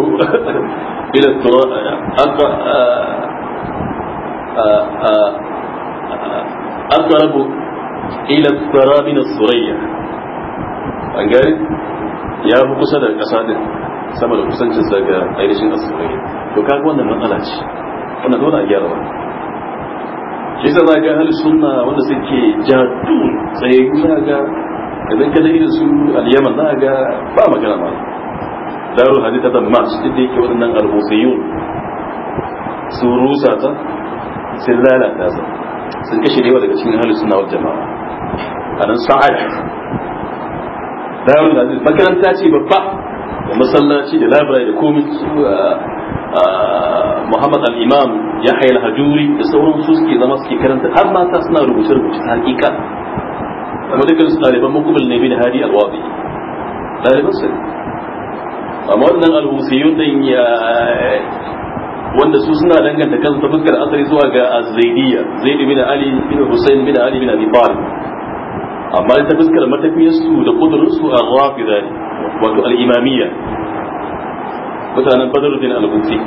إلى التراب أقرب Ila الثرى من الثريا an gari ya fi kusa da ƙasa din sama da kusancin sa ga ainihin asirai to kaga wannan matsala ce wannan dole a gyara wannan shi sa za ga hali suna wanda suke jadu tsaye za ga idan ka da irin su al za ga ba magana ma darul hadith ta damas duk da yake waɗannan albusiyun sun rusa ta sun lalata ta sun kashe da daga cikin ahlus sunna wal jama'a anan sa'ad darul hadith makaranta ce babba da masallaci da library da komai Muhammad al-Imam Yahya al-Hajuri da sauran su suke zama suke karanta har mata suna rubuce rubuce ta hakika kuma dukkan su ɗaliban mukubul ne bin hadi al-wadi ɗaliban su amma wannan al din ya wanda su suna danganta kansu ta fuskar asali zuwa ga az-zaidiyya zaid bin ali bin husayn bin ali bin abi talib amma ta fuskar su da su a rafida ne wato al-imamiyya mutanen badruddin al-husi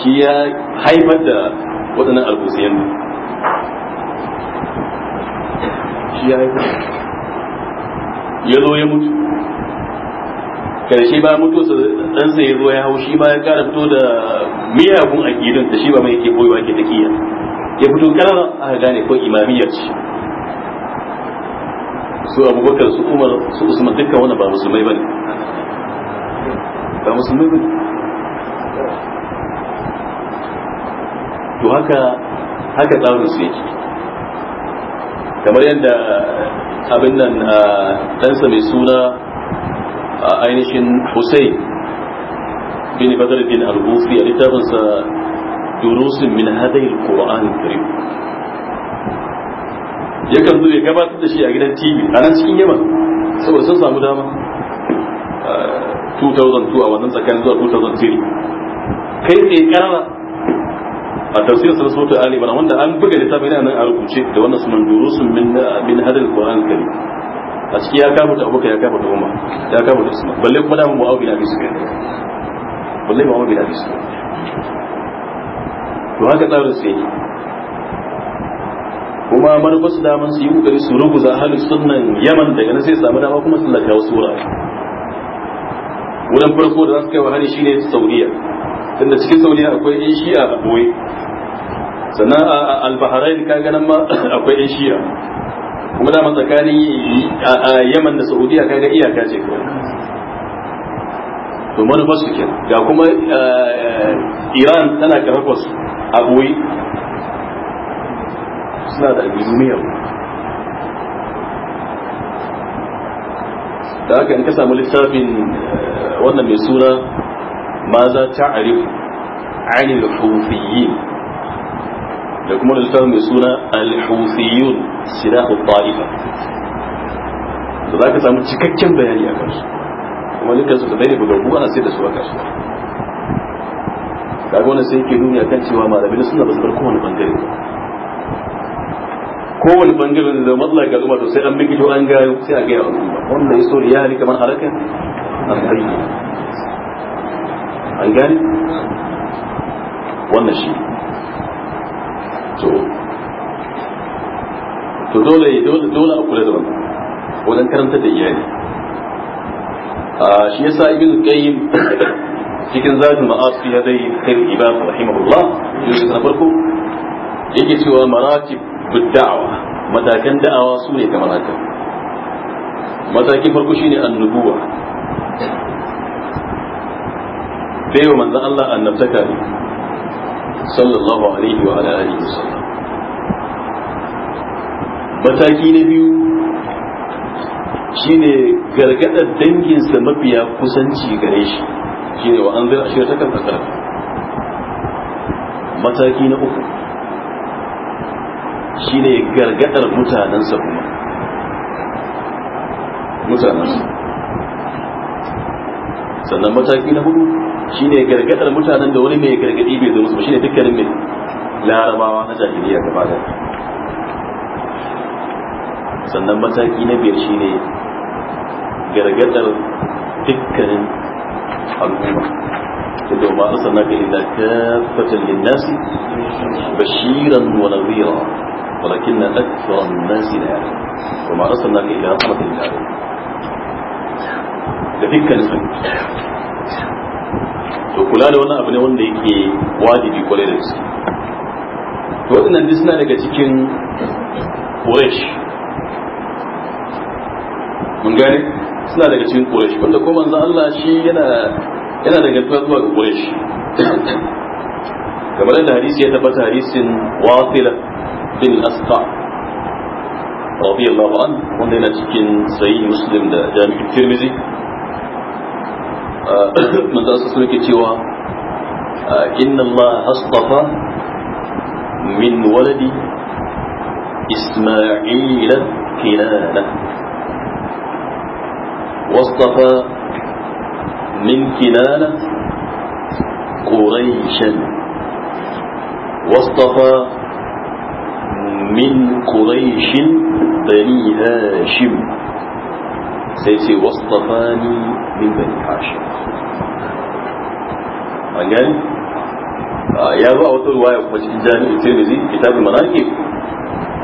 shi ya haifar da waɗannan al-husiyan shi ya haifar ya zo ya mutu karshe ba mutu su dan sai ruwa ya haushi ba ya kara fito da miyagun aqidun da shi ba mai yake boyewa ke takiya ya fito kana aka gane ko imamiyyar ce su abubakar su umar su usman dukkan wannan ba musulmai bane ba musulmai bane to haka haka tsarin su yake kamar yadda abin nan ɗansa mai suna A ainihin Hussein bin Badruddin Al-Busi a littafinsa Durusun min hadayil Qur'an Karim yakan zo ya gabatar da shi a gidan TV a nan cikin Yaman saboda sun samu dama 2002 uh, a wannan tsakanin zuwa 2003 kai tsaye karara a tafsirin sa sautu ali bana wanda an buga littafin nan a rubuce da wannan sunan durusun min min hadal qur'an karim a ciki ya kafirta abubakar ya da umar ya da usman balle kuma damu mu'awu bin abi kai balle mu'awu bin abi sufyan to haka tsarin sai kuma manufar su damar su yi kokari su za halin sunan yaman daga na sai samu dama kuma su lafiya wasu wurare wurin farko da za su kai wa hari ne saudiya tunda cikin saudiya akwai yan shi'a a boye sannan a albaharain ka ganin ma akwai yan shi'a kuma da tsakanin yaman da saudiya kaga iyaka ce to manufar su kenan ga kuma eh, eh, iran tana karfafa su a goyi suna da aluminium da haka in ka samu littafin eh, wannan mai suna ma za ta arifu anil hufiyin da kuma littafin mai suna al-hufiyun silahu ta'ifa da za ka samu cikakken bayani a kansu kuma dukkan su da bai bugaggu ana sai da su a kasuwa kaga wannan sai yake nuni akan cewa malami na suna ba su bar kowane bangare kowane bangare da matsala ga al'umma to sai an bigido an gayo sai a gaya al'umma wanda ya so riya ne kamar harakan an bayyana an gani wannan shi to to dole dole a kula da wannan wajen karanta da iyali shi yasa ibn qayyim cikin zatin ma'asi ya dai kai ibad rahimahullah yusuf na farko yake cewa maratib da'awa matakan da'awa su ne kamar haka matakin farko shine annubuwa bai wa manzon Allah annabtaka ne sallallahu alaihi wa alihi wasallam mataki na biyu shine gargadar danginsa mafiya kusanci gare shi shine wa an zai ashirar ta kan mataki na uku shine gargadar mutanensa kuma mutanensa sannan mataki na hudu shine gargadar mutanen da wani mai gargadi bai zo musu shine dukkanin mai larabawa na jahiliya gaba da sannan mataki na biyar shine gargadar dukkanin al'umma da ba a sannan ka ila kafatan linnasi bashiran wa nadhira walakin na akthara an-nasi la ya'lamun kuma arsalnaka ila rahmatil alamin da dukkanin su to kula da wannan abu ne wanda yake wajibi kwarai da gaske waɗannan duk suna daga cikin quraish mun gane suna daga cikin quraish wanda kuma manzo Allah shi yana yana daga zuwa ga quraish kamar da hadisi ya tabbata hadisin wasila bin asqa radiyallahu an wanda yana cikin sahih muslim da jami'in tirmidhi manzo su suke cewa inna Allah astafa min waladi إسماعيل كنانة واصطفى من كنانة قريشا واصطفى من قريش بني هاشم sai ce wasdafani min bani hashim an ya zo a wata ruwaya kuma cikin jami'i jami'in tirmidhi kitabul manaqib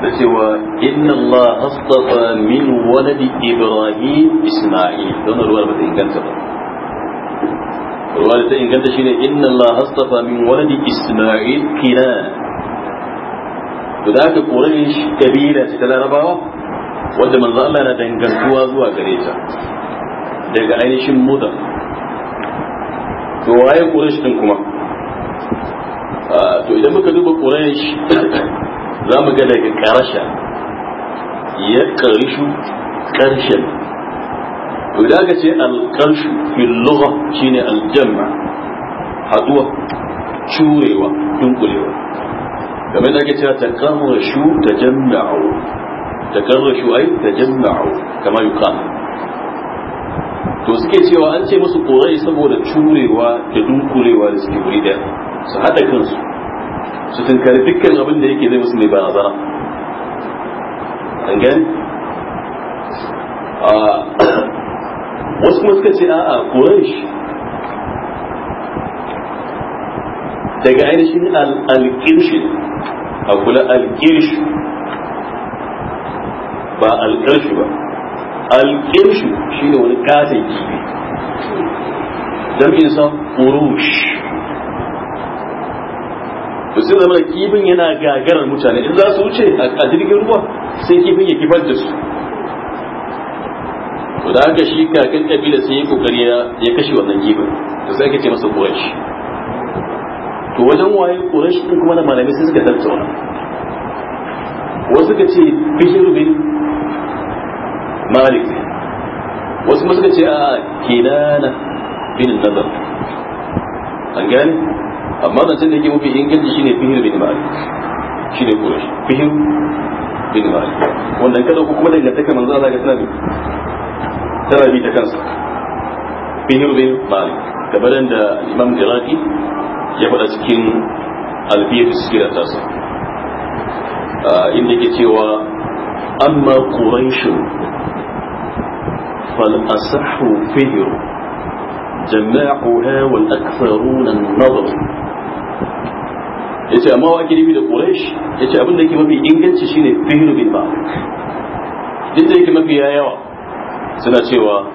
da cewa inna Allah hastafa min waladi Ibrahim Isma'il don ruwa ba ta inganta ba ruwa da ta inganta shine inna Allah hastafa min waladi Isma'il kina to da aka kore shi kabila ta rabawa wanda manzo Allah yana dangantuwa zuwa gare ta daga ainihin mudar to waye quraish din kuma ah, to idan muka duba quraish za mu ga daga karasha ya karishu karshen to idan aka ce al-karshu fil lugha shine al-jam'a haduwa curewa dunkulewa kamar da ake cewa takamura shu tajamma'u takarrashu ay tajamma'u kama yuqal to suke cewa an ce musu korai saboda curewa da dunkulewa da suke wuri daya su hada kansu su tunkari dukkan abin da yake zai musu mai barazana an gani ah, wasu kuma suka ce a'a quraish daga ainihin al a kula al ba alƙarshu ba alƙirshu shi ne wani katon kifi jam'in sa kurush to zama kifin yana gagarar mutane in za su wuce a jirgin ruwa sai kifin ya kifar da su to da haka shi kakan kabila sai ya kokari ya kashe wannan kifin to sai ka ce masa quraish to wajen waye quraish din kuma da malamai sai suka tattauna wasu suka ce bishir bin malik wasu suka ce a kinana bin nazar an gani amma zancen da yake mafi inganci shine bishir bin malik shine shi bishir bin malik wannan kada ku kuma daga take manzo Allah ga tana bi tana bi ta kansa bishir bin malik kamar da imam iraki ya faɗa cikin alfiyar sirar tasa inda yake cewa amma quraishu fal asahhu fihr jama'uha wal aktharuna an-nadr yace amma wa ake nufi da quraish yace abin da yake mafi inganci shine fihr bin ba duk da yake mafi yawa suna cewa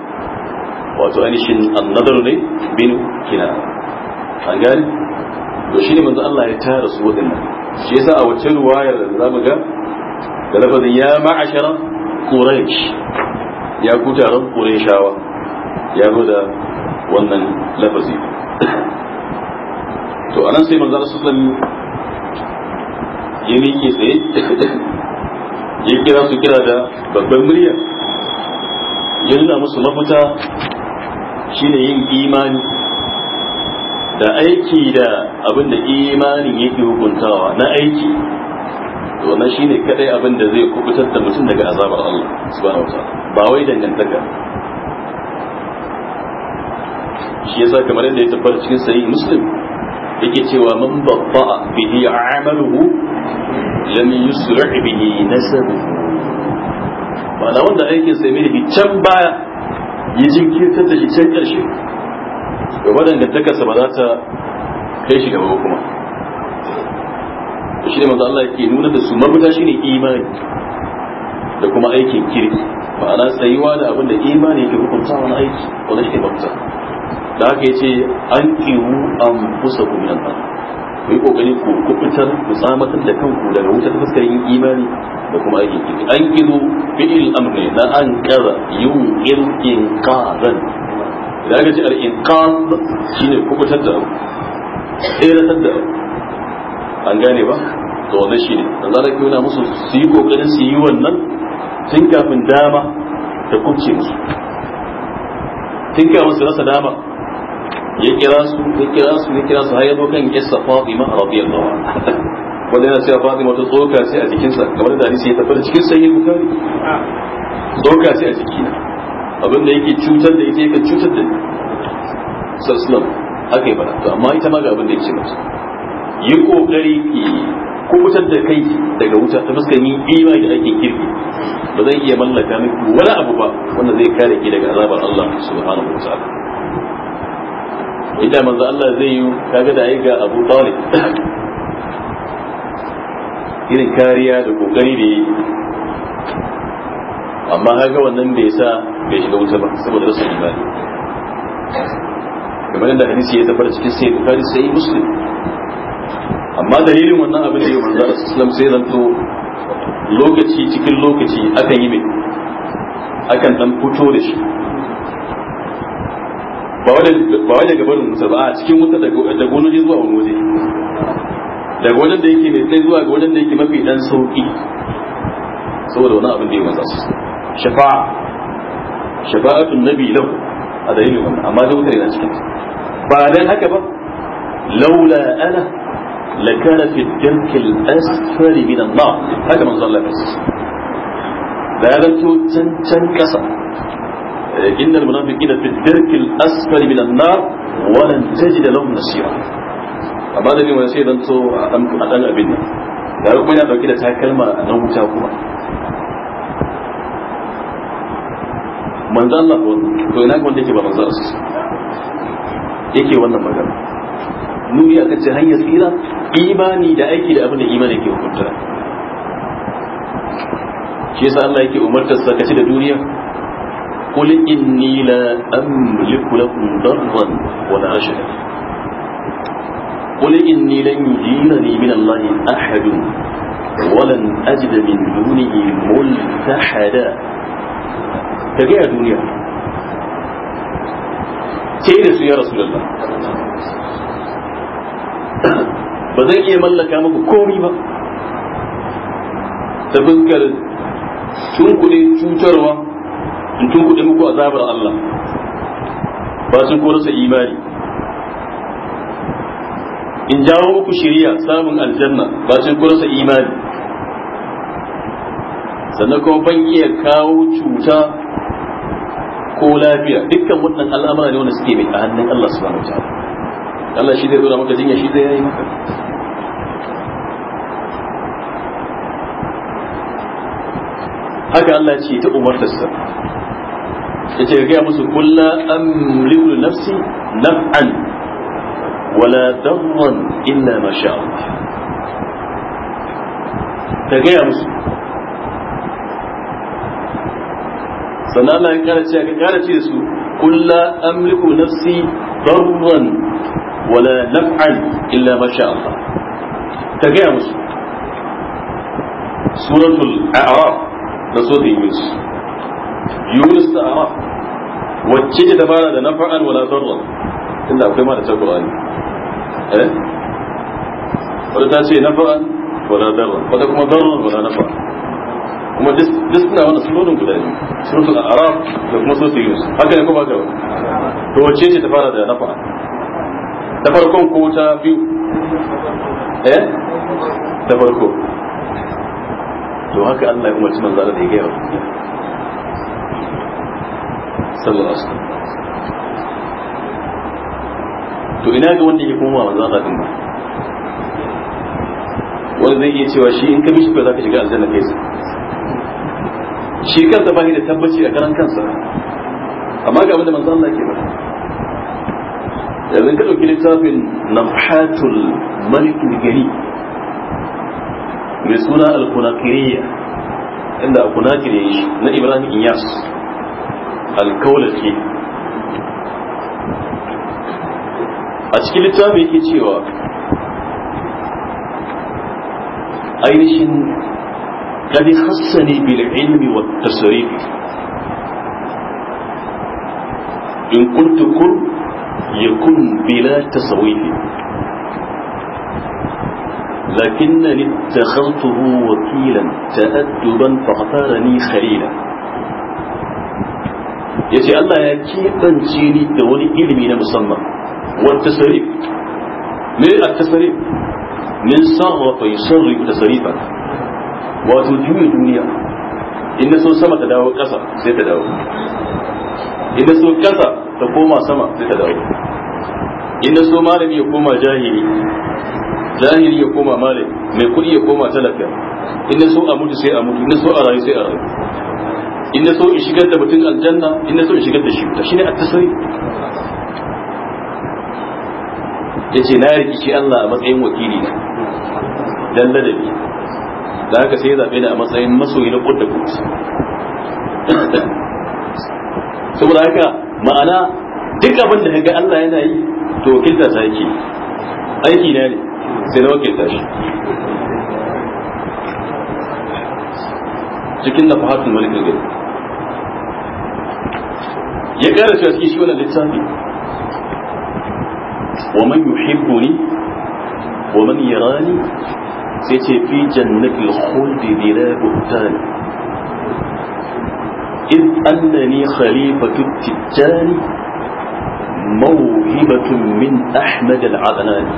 wato ainihin annadar ne bin kina an gani to shine manzo Allah ya tara su wadannan shi yasa a wacce ruwayar da zamu ga da lafazin ya ma'ashara quraish ya ku taron qurayshawa ya zo da wannan lafazi to anan sai manzo Allah sallallahu ya miƙe tsaye ya kira su kira da babban murya ya musu mafita shine yin imani da aiki da abin da imanin yake hukuntawa na aiki to na shine kadai abin da zai kubutar da mutum daga azabar Allah subhanahu wataala ba wai dangantaka shi yasa kamar yadda ya tabbata cikin sahih muslim yake cewa man babba bihi amaluhu lam yusra bihi nasabu ba wanda aikin sai mai bi can baya ya jinkirtar da shi can karshe to ta kasa ba za ta kai shi gaba kuma shi ne maza Allah ke nuna da su mabuta ne imani da kuma aikin kirki ma'ana tsayuwa da abin da imani yake hukunta wani aiki wani shi ne mabuta da haka ya ce an kiwu an busa ku minan Allah ku yi kokari ku kubutar ku tsamatar da kanku daga wutar fuskar yin imani da kuma aikin kirki an kiwu fi'il amri na an yin yunqir karan Da aka ce al-inqam shine kubutar da abu tseratar da abu an gane ba to ne? shine dan zaka kiuna musu su yi kokarin su yi wannan tun kafin dama ta kubce musu tun kafin su rasa dama ya kira su ya kira su ya kira su har zo kan kissa Fatima radiyallahu anha wanda yana sai Fatima ta tsoka sai a jikinsa kamar da hadisi ya tabbata cikin sahih Bukhari ah. tsoka sai a jikina abin da yake cutar da ita yakan cutar da sassalam haka yi fara to amma ita ma ga abin da yake mata yi kokari ki kubutar da kai daga wuta ta fuskar yi ima da ake kirki ba zai iya mallaka miki wani abu ba wanda zai kare ki daga azabar Allah subhanahu wa ta'ala idan manzo Allah zai yi kaga da ga Abu Talib irin kariya da kokari da yi amma haka wannan bai sa bai shiga wuta ba saboda rasa imani kamar yadda hadisi ya tabbata cikin sai bukari sai muslim amma dalilin wannan abin da ya manzo Allah sallallahu sai zanto lokaci cikin lokaci akan yi mai akan dan fito da shi ba wani daga barin wuta ba a cikin wuta daga wani zuwa wani waje daga wajen da yake mai tsaye zuwa ga wajen da yake mafi dan sauki saboda wani abin da ya manzo Allah shafa'a shafa'atun nabi lau a dalilin wannan amma da wutar yana cikin ba dan haka ba laula ana lakana fi dalkil asfali min Allah haka manzo Allah ya da ya zanto can can kasa eh, innal munafiqina fi dalkil asfali min an-nar wa lan tajid lahum nasira amma da ne wani sai zanto a dan abin nan da kuma yana dauki da takalma a nan wuta kuma manzo Allah ko to ina wanda yake ba manzo Allah yake wannan magana nuriya ta ce hanyar tsira imani da aiki da abin da imani ke hukunta shi yasa Allah yake umartar sa kace da duniya qul inni la amliku lakum darran wa la rashada qul inni lan yujirani min Allah ahad ولن أجد من دونه ملتحدا ka gaya duniya ce da su ya lalla ba zan iya mallaka maka komi ba ta fuskar tunkuɗe cutarwa in tun kuɗi muku azabar Allah ba sun ko rasa imani in jawo muku shirya samun aljanna ba sun ko rasa imani sannan kuma ban iya kawo cuta ko lafiya dukkan wannan al'amura ne wanda suke mai a hannun Allah subhanahu wataala Allah shi zai dora maka jinya shi zai yi maka haka Allah ce ta umartarsa ya ce ga musu kulla amliku nafsi naf'an wala darran illa ma sha Allah ta ga musu sannan Allah ya kara cewa ka kara ce su kulla amliku nafsi darran wala naf'an illa ma sha Allah ka gaya musu suratul a'raf da suratul yunus yunus da a'raf wacce ce dabara da naf'an wala darran tunda akwai ma da ta Qur'ani eh wadda ta ce naf'an wala darran wadda kuma darran wala naf'an kuma duk suna wani surorin guda biyu suratul arab da kuma suratul yusuf haka ne ko ba gaba to wace ce ta fara da nafa ta farkon ko ta biyu eh ta farko to haka Allah ya umarci manzo da ya gaya sallallahu alaihi wasallam to ina ga wanda yake kuma manzo Allah din ba wanda zai iya cewa shi in ka mishi ba za ka shiga aljanna kai shi kansa ba da tabbaci a karan kansa amma ga wanda manzan Allah ke ba yanzu ka dauki littafin nafhatul malikul gari mai suna al-kunakiriya inda al yi na ibrahim iyas al a cikin littafin yake cewa ainihin الذي خصني بالعلم والتصريف إن قلت كن يكون بلا تصويف لكنني اتخذته وكيلا تأدبا فاغفارني خليلا يتي الله يكيبا جيني دولي علمي مصمم والتصريف من التصريف من صغف يصرف تصريفا wato juya duniya in so sama ta dawo ƙasa sai ta dawo in so ƙasa ta koma sama sai ta dawo in so malami ya koma jahili jahili ya koma malami mai kuɗi ya koma talaka in so a mutu sai a mutu in so a rayu sai a rayu in so in shigar da mutum aljanna in so in shigar da shi ta shine at-tasri yace na riki shi Allah a matsayin wakili na dan ladabi da haka sai ya zaɓe da a matsayin masoyi na ƙudda kuma saboda haka ma'ana duk abin da ga Allah yana yi to wakilta sa yake aiki na ne sai na wakilta shi cikin na fahatun malikin gari ya ƙara cewa cikin shi wannan littafi wa man yuhibbuni wa man yarani sai ce fi jannatil khuldi bila buhtan id annani khalifatu tijani mawhibatun min ahmad al-adnani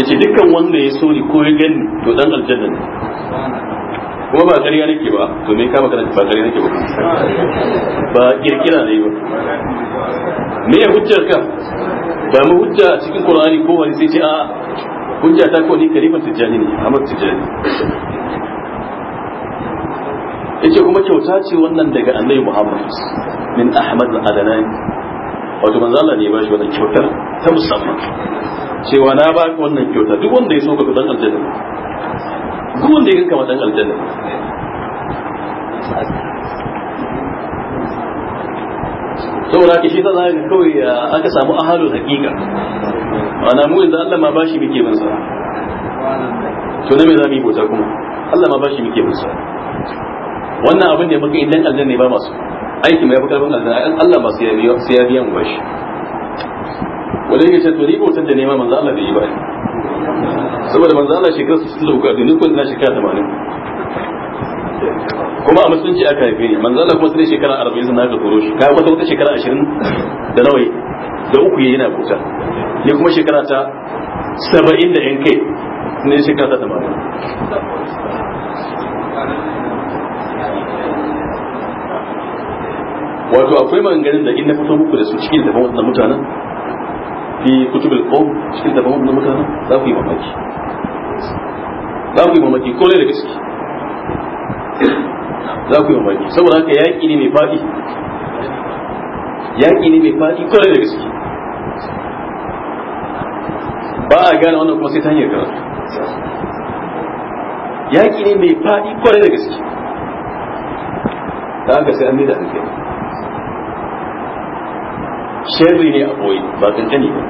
yace dukkan wanda ya so ni ko ya gani to dan aljanna ne kuma ba ƙarya nake ba to me kama kana ba ƙarya nake ba ba kirkira ne ba me ya hujjar ka ba mu hujja a cikin qur'ani ko wani sai ce a hujja ta ko ni kalimar tijani ne amma tijani yace kuma kyauta ce wannan daga annabi muhammad min ahmad al-adnani wato manzo Allah ne ya bashi wannan kyauta ta musamman cewa na ba ka wannan kyauta duk wanda ya so ka dan aljanna duk wanda ya ganka dan aljanna saboda haka shi ta zai kawai aka samu ahalul hakika ana mu yanzu Allah ma bashi muke bin sa to na me zamu yi bauta kuma Allah ma bashi muke bin sa wannan abin da muka idan aljanna ne ba masu aiki mai bakar ban aljanna Allah ma sai ya biya mu bashi wanda yake to ni bautar da nema manzo Allah da yi ba saboda manzo Allah shekara 60 da uku da nukun na shekara 80 kuma a musulunci aka haife ni manzo Allah kuma sai shekara 40 sun aka koro shi kai wata wata shekara 20 da nawai da uku yayi yana kuta ni kuma shekara ta 70 da yan kai ne shekara ta 80 wato akwai maganganun da in na fito muku da su cikin da wannan mutanen fi kutubul qawm cikin da wannan mutanen za ku yi mamaki za ku yi mamaki kore da gaske za ku yi umarni saboda haka yaƙi ne mai faɗi yaƙi ne mai faɗi kwarai da gaske ba a gane wannan kuma sai ta hanyar karatu yaƙi ne mai faɗi kwarai da gaske ta haka sai an mai da hankali sharri ne a boye ba kankani ba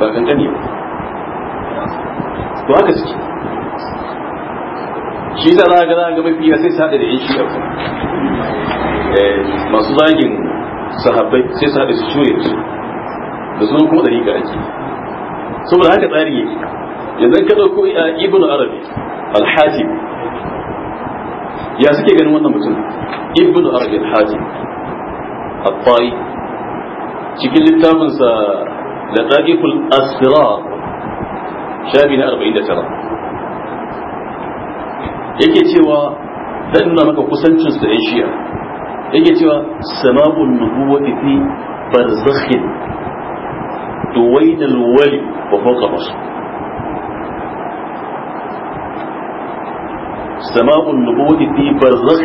ba kankani ba to haka suke shi da za ga za ga mafi sai su haɗa da yan shi'a eh, masu zagin sahabbai sai su da su shuri su da sun kuma da rika ake saboda haka tsari yake yanzu ka ɗauko eh, ibn arabi alhatim ya suke ganin wannan mutum ibn arabi alhatim al-tari cikin littafinsa da ɗaƙiƙul asirar shafi na 49 yake cewa dan nuna maka kusancin su da yan shi'a yake cewa sama'un nubuwati fi barzakhin duwainal wali wa fawqa basu سماء النبوة في برزخ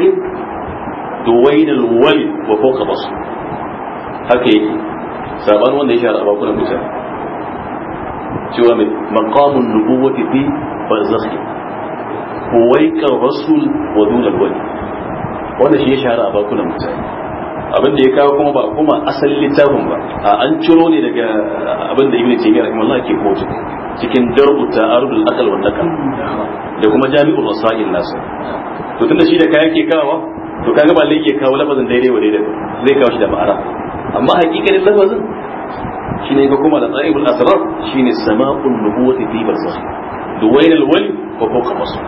دوين الولي وفوق بصر haka yake saban wanda ya shahara a bakunan mutane cewa mai makamun nubuwati fi barzakhi huwaikan rasul wa dunar wani wanda shi ya shahara a bakunan mutane abin da ya kawo kuma ba kuma asalin littafin ba a an ciro ne daga abin da ibn taymiyyah rahimahullah ke kotu cikin darbu ta'arudul aqal wal naqal da kuma jami'ul rasail nasu to tunda shi da kaya ke kawo to kaga ba lai ke kawo lafazin daidai wa daidai zai kawo shi da ma'ana amma hakikalin lafazin shine ga kuma da tsaribul asrar shine sama'un nubuwati fi barzakh duwain alwali ko ko ka wasu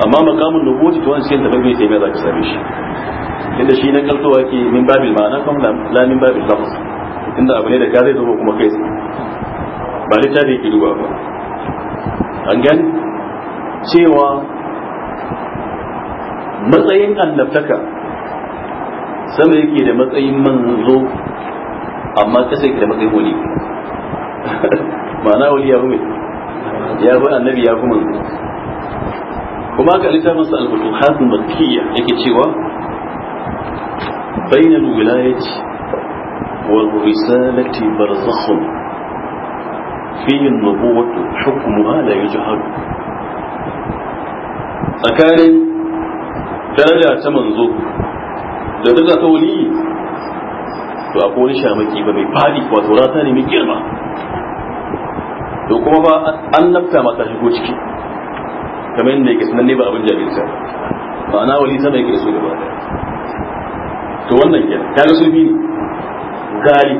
amma makamun nubuwati to wannan sai da bai sai mai zaka same shi inda shi na kaltowa ke min babil ma'ana kuma la min babil lafz inda abu ne da ka zai zo kuma kai ba littafi ki duba ba an gani cewa matsayin annabtaka sama yake da matsayin manzo amma kasa yake da matsayin wali ma'ana wali ya rume ya bi annabi ya kuma kuma ga littafin sa al-futuhat makkiya yake cewa bainal wilayat wal risalati barzakhun fi an-nubuwwatu hukmuha la yujhal tsakanin daraja ta manzo da daga ta wali to akwai wani shamaki ba mai fadi wato rata ne mai girma to kuma ba an nafta mata shigo ciki kamar yadda yake sanan ne ba abin jabinsa ba ana wali sama yake so gaba to wannan ke kaga gari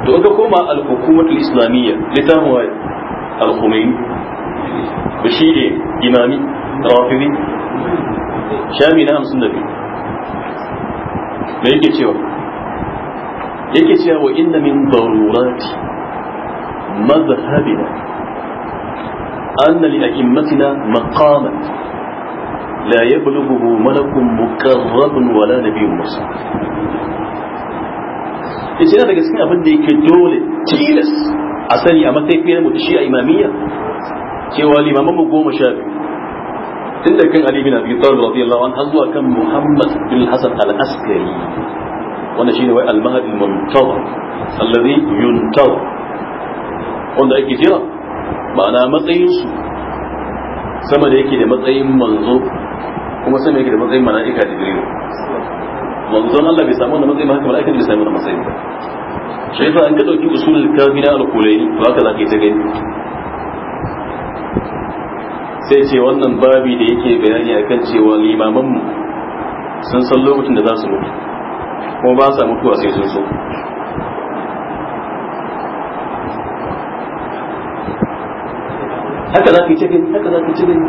to ga koma al-hukumatul islamiyya litafin al-khumaini bashiri imami rafidi shami na 52 me yake cewa yake cewa wa inna min darurati mazhabina anna li a'immatina maqaman la yablughuhu malakun muqarrabun wala nabiyyun mursal yace yana daga cikin abin da yake dole tilas a sani a matsayin na mutu a imamiyya cewa limaman mu goma sha biyu tun da kan Ali bin Abi Talib radiyallahu anhu har zuwa kan Muhammad bin Hassan al-Askari wanda shine wai al-mahdi al-muntazir alladhi yuntazir wanda ake jira ma'ana matsayin su sama da yake da matsayin manzo kuma sama yake da matsayin mala'ika jibril manzon Allah bai samu wannan matsayin ba haka mala'ika bai samu wannan matsayi ba shi yasa an ka dauki usulul kafi na al-kulayni to haka zaka yi ta gani sai ce wannan babi da yake bayani akan cewa limaman sun san lokacin da za su mutu kuma ba sa mutuwa sai sun so haka za ka ce gani haka za ka yi ce in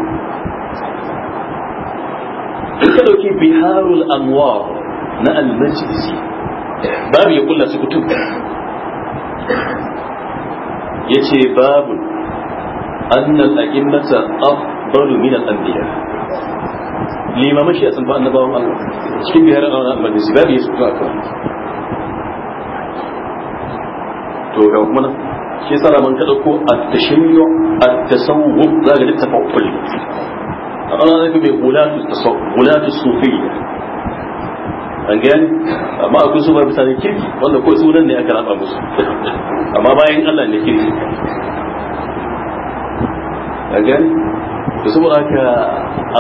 ka dauki biharul amwa na almajlisi babu ya kulla su kutu? ya ce babu annal a'immata afdalu min al-anbiya limamin shi a tsamfa annabawan Allah cikin biyar a wani albarni su babu ya fito a kawai to ga kuma nan shi yasa man kada ko a tashayyu at-tasawwuf za ga a ɗan zai bi ulatu tasawwuf ulatu sufi an gani amma akwai su ba mutanen kirki wanda ko sunan ne aka raba musu amma bayan Allah ne kirki an gani to saboda haka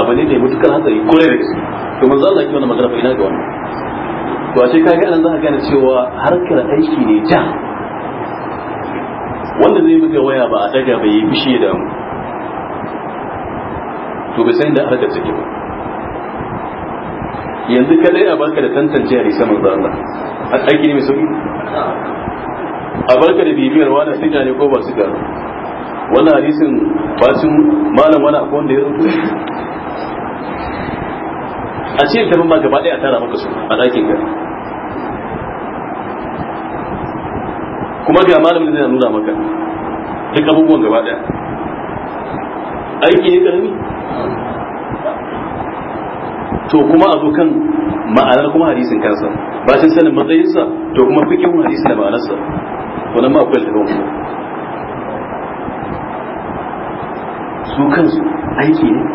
abu ne mai mutukar hatsari kore da gaske to za Allah ke wannan magana ina ga wannan to a ce kaga anan za a gane cewa harkar aiki ne ja wanda zai buga waya ba a daga bai yi fushi da mu to bai san da harkar take ba yanzu kadai a barka da tantance a risa manzo Allah aiki ne mai sauki a barka da bibiyar wani siga ne ko ba siga wannan hadisin fasin malam wani akwai wanda ya rubuta a ce tafi ma gaba ɗaya a tara maka su a ɗakin ka kuma ga malam da zai nuna maka duk abubuwan gaba ɗaya aiki ne ƙarami to kuma a zo kan ma'anar kuma hadisin kansa ba sun sanin matsayinsa to kuma fikin hadisin da ma'anarsa wannan ma akwai littafin su kansu aiki ne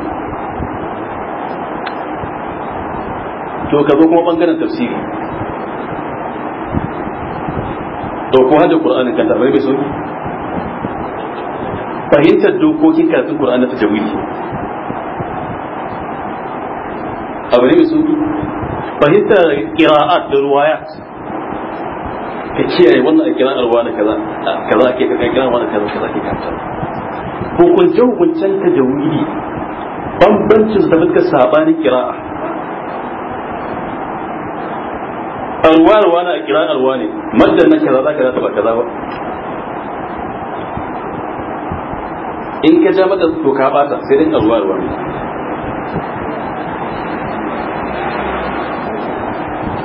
to ka zo kuma bangaren tafsiri to ko hada qur'anin kanta bai bai sauki fahimtar dokokin karatun qur'ani na tajawidi abu ne mai sauki fahimtar qira'at da ruwayat ka kiyaye wannan a arwa wani kaza kaza ake kaza kira'ar wani kaza kaza ke kanta hukunce hukuncen ta da wuri bambancin da muka ni kira'a alwa wani na kira alwa madan maddan na kaza ka ta ba kaza ba in ka ja mata to ka bata sai dai alwa wani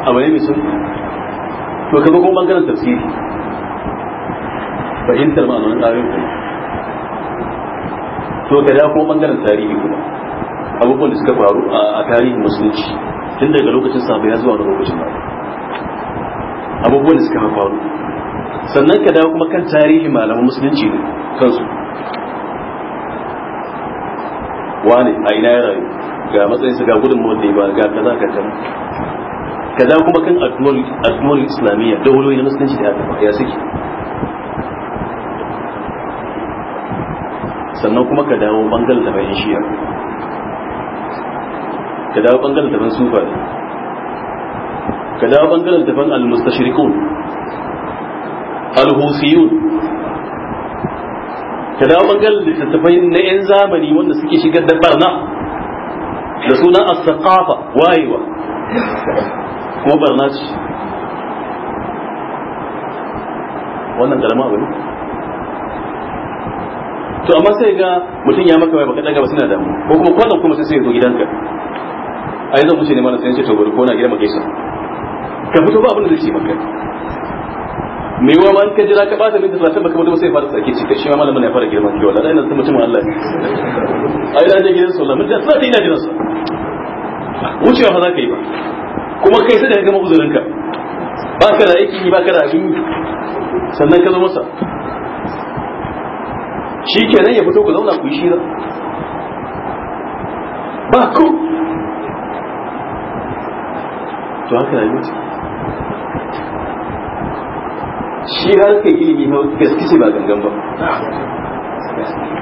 ne bane ne to ka kuma bangaren tafsiri fahimtar ma'anonin ayoyin to ka da ko bangaren tarihi kuma abubuwan da suka faru a tarihin musulunci tun daga lokacin sabai ya zuwa lokacin ba abubuwan da suka faru sannan ka dawo kuma kan tarihi malaman musulunci ne kansu wani a ina ya rayu ga matsayinsa ga gudun mawar ya ba ga za ka kan ka dawo kuma kan addu'ar islamiyya da dauloli na musulunci da ya suke sannan kuma ka dawo bangaren da bayan shiya ka dawo bangaren da ban sufa ka dawo bangaren da ban al-mustashriqun al-husiyun ka dawo da littattafai na 'yan zamani wanda suke shigar da barna da sunan as-saqafa wayewa kuma barna ce wannan karama abu ne to amma sai ga mutum ya maka mai baka daga ba suna damu ko kuma kwallon kuma sai sai zo gidanka ai zan wuce ne mana sai ce to bari ko na gida maka isa ka fito ba abin da zai maka me wa man ka jira ka bata min da baka mutum sai fara sake ci kashi ma mana ya fara girman kiwa da ina san mutum Allah ai da je gidan sallah mun da sai ina gidan sa wuce fa za ka yi ba kuma kai sai da ka gama uzurinka ba ka da aiki ba ka da abin sannan ka zo masa shi kenan ya fito ku zauna ku yi shira ba ku to haka na mutu shi harka ilimi na gaske ce ba gangan ba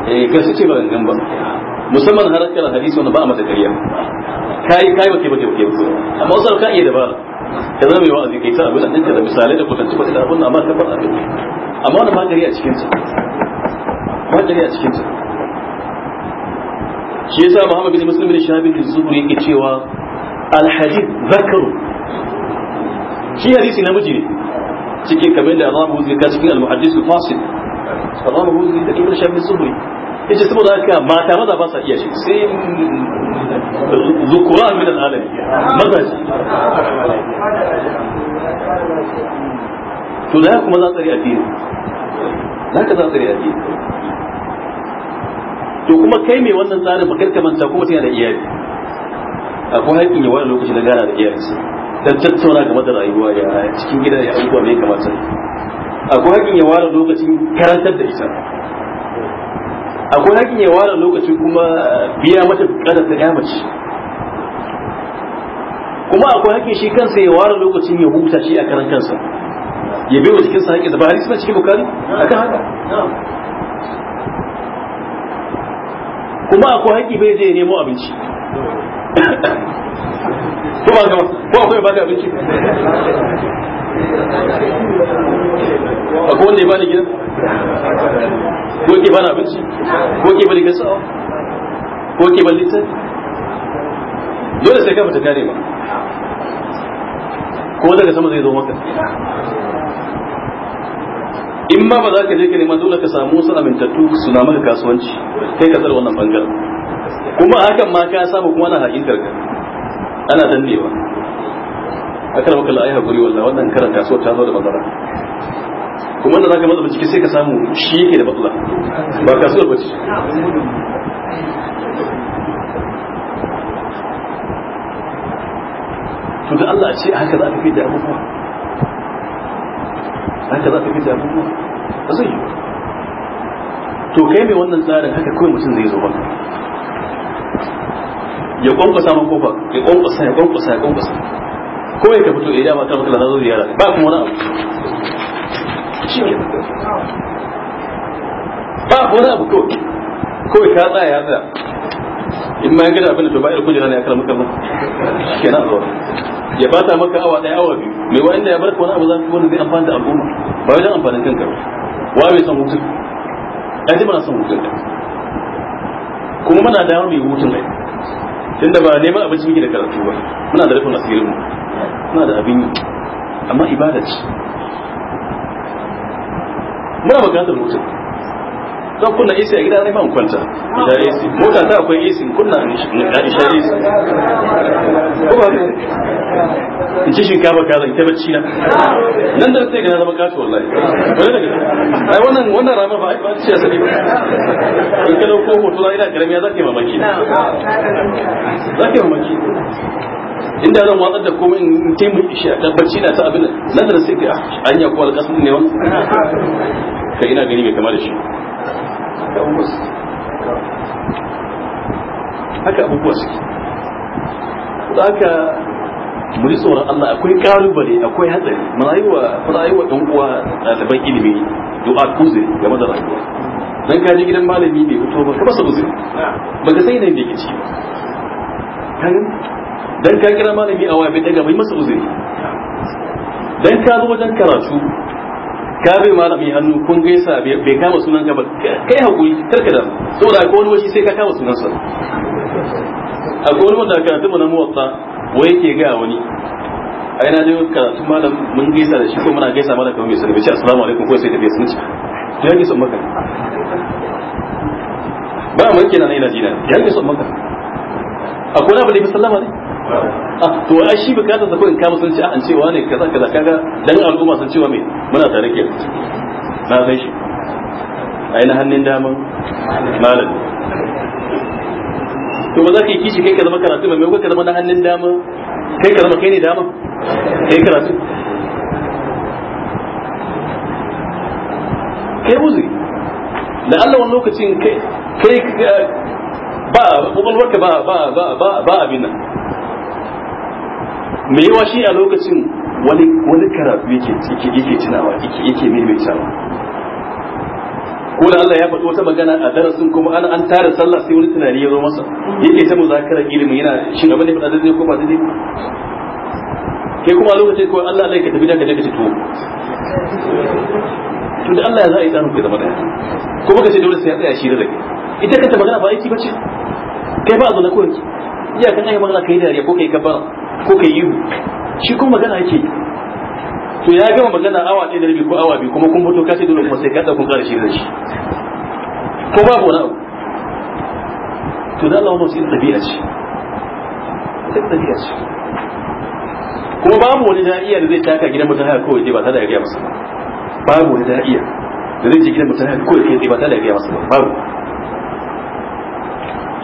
eh gaske ce ba gangan ba musamman har harkar hadisi wanda ba a mata kariya kayi kayi wake wake wake wake amma wasu ka iya dabara ka zama mai wa'azi kai ta abin da da misalai da kwatance da abin da amma ka fara abin amma wani magari kariya cikin hadari a cikin ta shi yasa Muhammad bin Muslim bin Shahab bin Zuhri yake cewa al-hadith zakaru shi hadisi namiji ne cikin kamar da Allah mu zai cikin al-muhaddis al-fasil Allah mu zai da Ibn Shahab bin Zuhri yace saboda haka mata maza ba sa iya shi sai zukura min al-alam maza to da kuma za tsari addini haka za su ne ake to kuma kai mai wannan tsarin ba karka manta kuma tana da iyali akwai haƙƙin ya lokaci na gana da iyalinsa don tattauna game da rayuwa ya cikin gida ya abubuwa mai kamata akwai haƙƙin ya ware lokacin karantar da ita akwai haƙƙin ya ware lokacin kuma biya mata bukatar ta ya mace kuma akwai haƙƙin shi kansa ya ware lokacin ya huta shi a karan kansa ya bai wa cikin sa da ba hadisi ba cikin bukari akan haka kuma akwai haƙi bai zai nemo abinci ko ba gaba ko akwai baka abinci akwai wanda ya bani gidan ko ke bani abinci ko ke bani gasawa ko ke bani littafi dole sai ka fita kare ba ko daga sama zai zo maka in ma ba za ka je ka nema dole ka samu wasu amintattu su na maka kasuwanci kai ka tsara wannan bangaren kuma hakan ma ka samu kuma na hakintar ka ana dannewa akan maka la'ayi haƙuri wallah wannan karan kasuwar ta zo da matsala kuma da zaka maza bincike sai ka samu shi yake da matsala ba kasuwar ba ce to da Allah ce haka za ka fi da abubuwa haka za ka fi da ba ba zai yi to kai mai wannan tsarin haka kawai mutum zai zo ba ya kwankwasa man kofa ya kwankwasa ya kwankwasa ya kwankwasa kawai ka fito idan eh, ba ta maka na zo ziyara ba kuma wani abu shi ne ba wani abu kawai kawai ka tsaya ya tsaya in ma ya gada abin da to ba ya kujera ne ya kalmar kalmar na. zuwa ya ba ta maka awa ɗaya awa biyu mai wa inda ya bar wani abu za su wani zai amfani da al'umma ba wajen amfanin kanka ba wa bai son hutun ɗan dai muna son hutun da kuma muna dawo mai hutun ai tunda ba neman abinci muke da karatu ba muna da rufin asirin mu muna da abin yi amma ibada ce muna bukatar hutun don kunna Isi a gida na ban kwanta da Isi. mota ta akwai isi kunna a isha isi kuma ne in ci shinkafa ka zan ta bacci na nan da sai ga zama kasu wallahi wani daga ai wannan wannan rama ba ai ba ci asali in ka dauko hoto na ina karami ya zaka mamaki zaka mamaki inda zan watsar da komai in kai mu isha tabbaci na ta abin nan da sai ka ah, anya ko alƙasun ne wannan kai ina gani mai kama da shi haka abubuwa suke da haka mu tsoron Allah akwai ƙalubale akwai hatsari muna yi wa ɗan uwa ɗaliban ilimi du'a kuzi game da rayuwa dan kaje gidan malami bai fito ba ka masa uzuri ba ga sai yanayin da yake ciki ba dan ka kira malami a waya bai daga mai masa uzuri dan ka zo wajen karatu ka bai malami hannu kun gaisa bai kama sunan ka ba kai hakuri karka da saboda ko wani wasi sai ka kama sunan sa a ko wani da mu na muwatta wai yake ga wani ai na ka karatu malam mun gaisa da shi ko muna gaisa malam kamar mai sani bai ce assalamu alaikum ko sai tafiya sun ci ya ji son maka ba mun kenan ina jina ji son maka akwai na bali sallama ne to ai shi bukatar sa kawai kama sun ce an cewa ne kaza kaza kaga dan al'umma sun cewa me muna tare ke na san shi ai na hannun daman malami to ba za ka yi kishi kai ka zama karatu mai maimakon ka zama na hannun dama kai ka zama kai ne dama kai karatu kai uzuri da Allah wani lokacin kai kai ba kwakwalwarka ba ba ba ba abin nan mai yawa shi a lokacin wani wani karatu yake yake tunawa yake yake maimaitawa ko da Allah ya faɗi wata magana a darasin kuma an an tara sallah sai wani tunani ya zo masa yake ta muzakarar ilimin yana shi gaba da faɗa zai koma zai kai kuma lokacin ko Allah Allah ka tafi da ka je ka ci tuwo to da Allah ya za a yi tsarin ku zama daya kuma ka ce dole sai ya tsaya shi da kai ita kanta magana ba aiki bace kai ba a zo na kowace iya kan ayi magana kai da dariya ko kai kabar ko kai yi shi kuma magana yake to ya gama magana awa ɗaya da rabi ko awa biyu kuma kun fito kace dole kuma sai ka tsaya kun kare shi da shi ko babu wani abu to da Allah wannan sai tabi'a ce sai tabi'a ce kuma babu wani da'iya da zai taka gidan mutum haka kawai dai ba ta da ya gaya masa babu wani da'iya da zai je gidan mutum haka kawai kai ba ta da ya gaya masa babu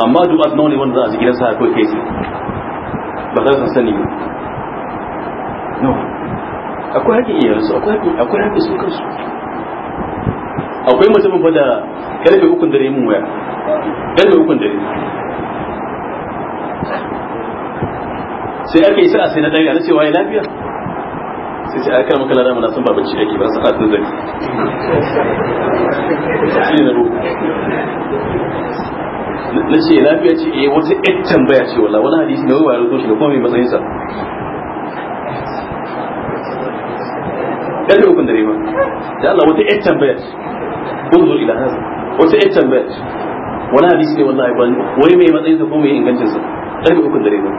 amma du'at nawa ne wanda za a ji gidan sa kai kai ba za su sani no akwai haƙƙin iyayensu akwai akwai haƙƙin su kansu akwai mutumin fa da karfe ukun dare mun waya karfe ukun dare sai aka yi sa'a sai na dare na cewa ya lafiya sai sai aka maka lada mana san ba bacci yake ba sa'a tun zai shi ne na na ce lafiya ce eh wata yan tambaya ce wala wani hadisi na wai wayar zo shi da kuma mai matsayin sa kaje ukun dare ma da Allah wata yan tambaya ce unzur ila hasa wata yan tambaya ce wani hadisi ne wallahi ban wai mai matsayin sa ko mai ingancin sa kaje ukun dare ba.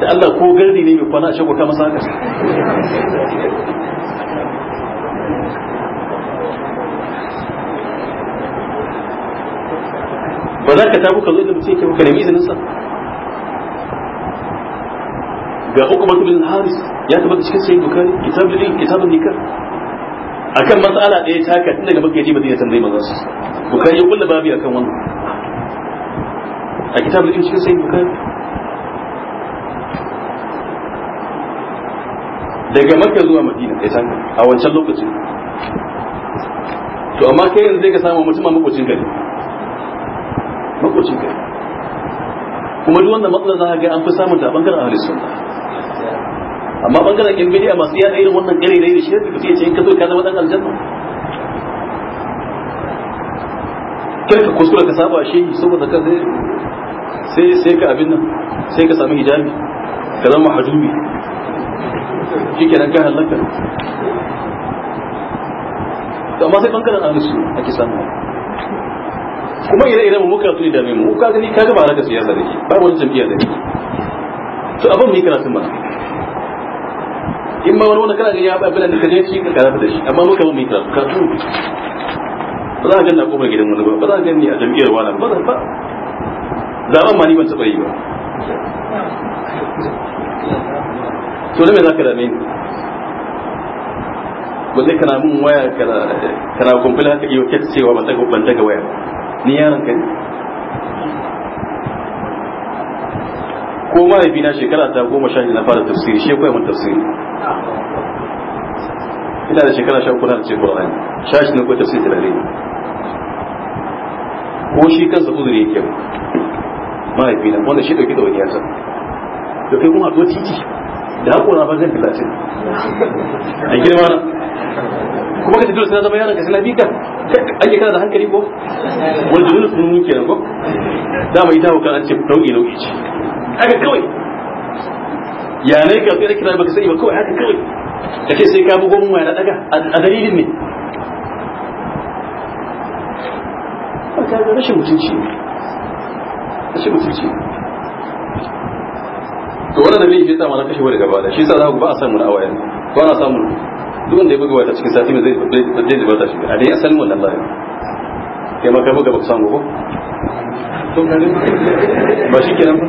da Allah ko gardi ne mai kwana a shagwata masa haka ba za ka tabu ka zo da mutum ya maka nemi izinin sa ga uku batu bin haris ya tabbata cikin sayin bukari kitabul ilm kitabul nikah akan matsala ɗaya ta ka tun daga bakaji ba zai ya tambayi maza su bukari ya kulla babi akan wannan a kitabul ilm cikin sayin bukari daga makka zuwa madina kai san a wancan lokacin to amma kai yanzu zai ka samu mutum a makocin gari makocin kai kuma duk wannan matsalar za a ga an fi samun ta bangaren ahli sunna amma bangaren yan a masu yada irin wannan gari da shi da ce, in ka zo ka zama dan aljanna kar ka kuskura ka saba shi saboda ka sai sai ka abin nan sai ka sami hijabi ka zama hajubi nan ka halaka amma sai bangaren ahli sunna ake samu kuma ire ire muka tuni da mu ka gani ka gaba ba siyasa da ke ba wani jam'iyya da ke to abin mu kana karatun in ma wani wani kana ga ya ba bilan da kaje shi ka karatu da shi amma muka mu yi karatu karatu ba za ka ganna kofar gidan wani ba ba za ka ganni a jam'iyyar wani ba Za ka zaben ma ni ban taɓa yi ba to ne me za ka dame ni ba zai kana mun waya kana kana kumfila haka iyo kyat cewa ban daga ban daga waya ni yaron ka ko mahaifina shekara ta goma sha na fara tafsiri shi koya mun tafsiri ina da shekara sha uku na ce Qur'ani sha shi ne ko tafsiri da rere ko shi kansa uzuri yake mahaifina wanda shi dauki da wani yasa da kai kuma a titi da na ba zai talatin a girma na kuma ka tafiya suna zama yaran ka suna bika ake kana da hankali ko wanda wani sun muke na ko dama ita hukar an ce nau'i nau'i ce haka kawai ya ne ka tsira kira baka sani ba kawai haka kawai kake sai ka bugo mu waya daga a dalilin ne rashin mutunci rashin mutunci to wannan da fitsa ma na kashe wani gaba da shi sa za ku ba a samu na awayen ba na samu duk wanda ya buga wata cikin sati zai zai zai bata shi a dai asalin wannan lafiya kai ma kai buga ba ku samu ko ba shi kenan ba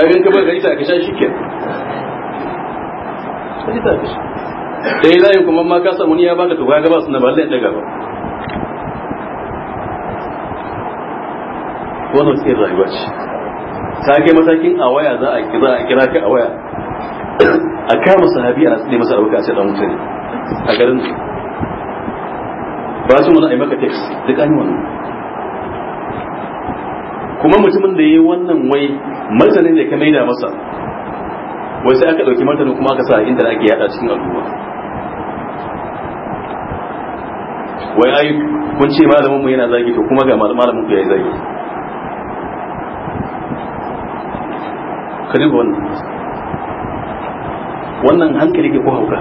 kafin ka buga ita ka sha shi kenan Da yi sha layin kuma ma ka samu ni ya baka to ga ba su na ba lalle daga ba wannan sai rayuwa ce ka ga matakin a waya za a kira a kira ka a waya a kama sahabi a tsine masa abuka sai dan mutane a garin ba su wani a yi maka text duk an yi wannan kuma mutumin da ya yi wannan wai martanin da ka maida masa wai sai aka ɗauki martanin kuma aka sa inda ake yada cikin al'umma wai ai kun ce malamin mu yana zagi to kuma ga malamin ku yayi zagi ka duba wannan wannan hankali ke ko hauka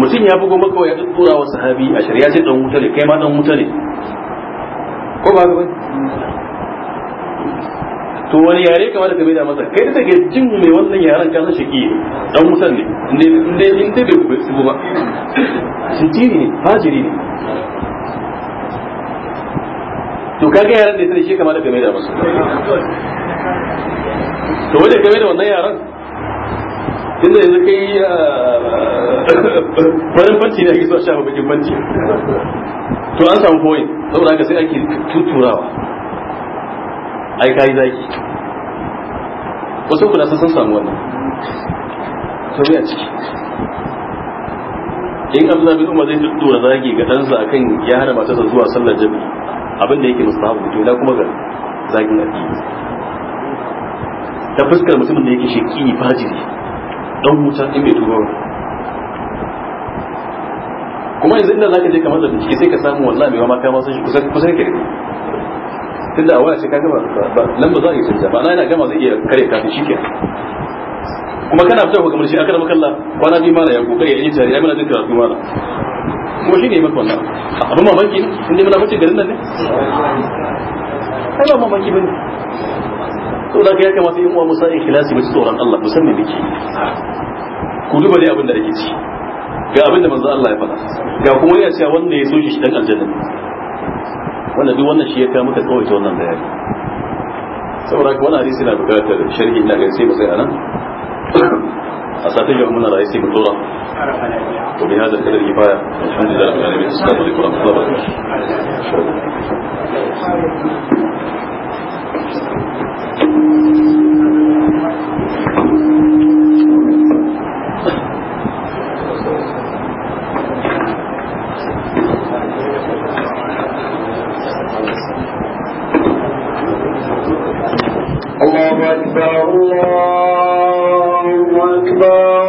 mutum ya bugu maka ya tura wa sahabi a shari'a sai dan wuta ne kai ma dan wuta ne ko ba ba to wani yare kama da ka da masa kai da take jin mai wannan yaran ka san shaki dan wutan ne in dai in dai bai su ba shintiri ne fajiri ne to kage yaran da sai shi kama da game da musu to wanda game da wannan yaran tun da yanzu kai ah, farin fanci ne ake so a shafa bakin fanci to an samu koyi saboda haka sai ake tuturawa ai kai zaki wasu kuna sun samu wannan to ne a ciki in abdullahi bin umar zai tuttura zagi ga ɗansa akan ya hana matarsa zuwa sallar jami'a abin da yake mustahabu to ina kuma ga zagin addini ta fuskar mutumin da yake sheki fajiri don wuta in bai tuba kuma yanzu inda zaka je kamar da bincike sai ka samu wallahi mai ma kai ma san shi kusa kusa kake tunda a waya sai ka gama lamba za a yi sun ba na yana gama zai iya kare kafin shi kenan kuma kana fita ko kamar shi aka da makalla kwana biyu mana ya kokari ya yi tare ya mana jin karatu mana kuma shi ne maka wannan abin mamaki ne inda muna bace garin nan ne ai ba mamaki bane to da ya kamata yin uwa musa in ikhlasi bi tsoron Allah musamman biki ku duba dai abin da ake ci ga abin da manzo Allah ya faɗa ga kuma ya ce wanda ya so shi dan aljanna wannan duk wannan shi ya kawo maka kawai ta wannan bayani saboda haka wannan hadisi na bukatar sharhi ina ga sai mu tsaya nan أساتذة من رئيس الدورة وبهذا القدر كفاية الحمد لله رب العالمين السلام عليكم ورحمة الله وبركاته الله أكبر الله الله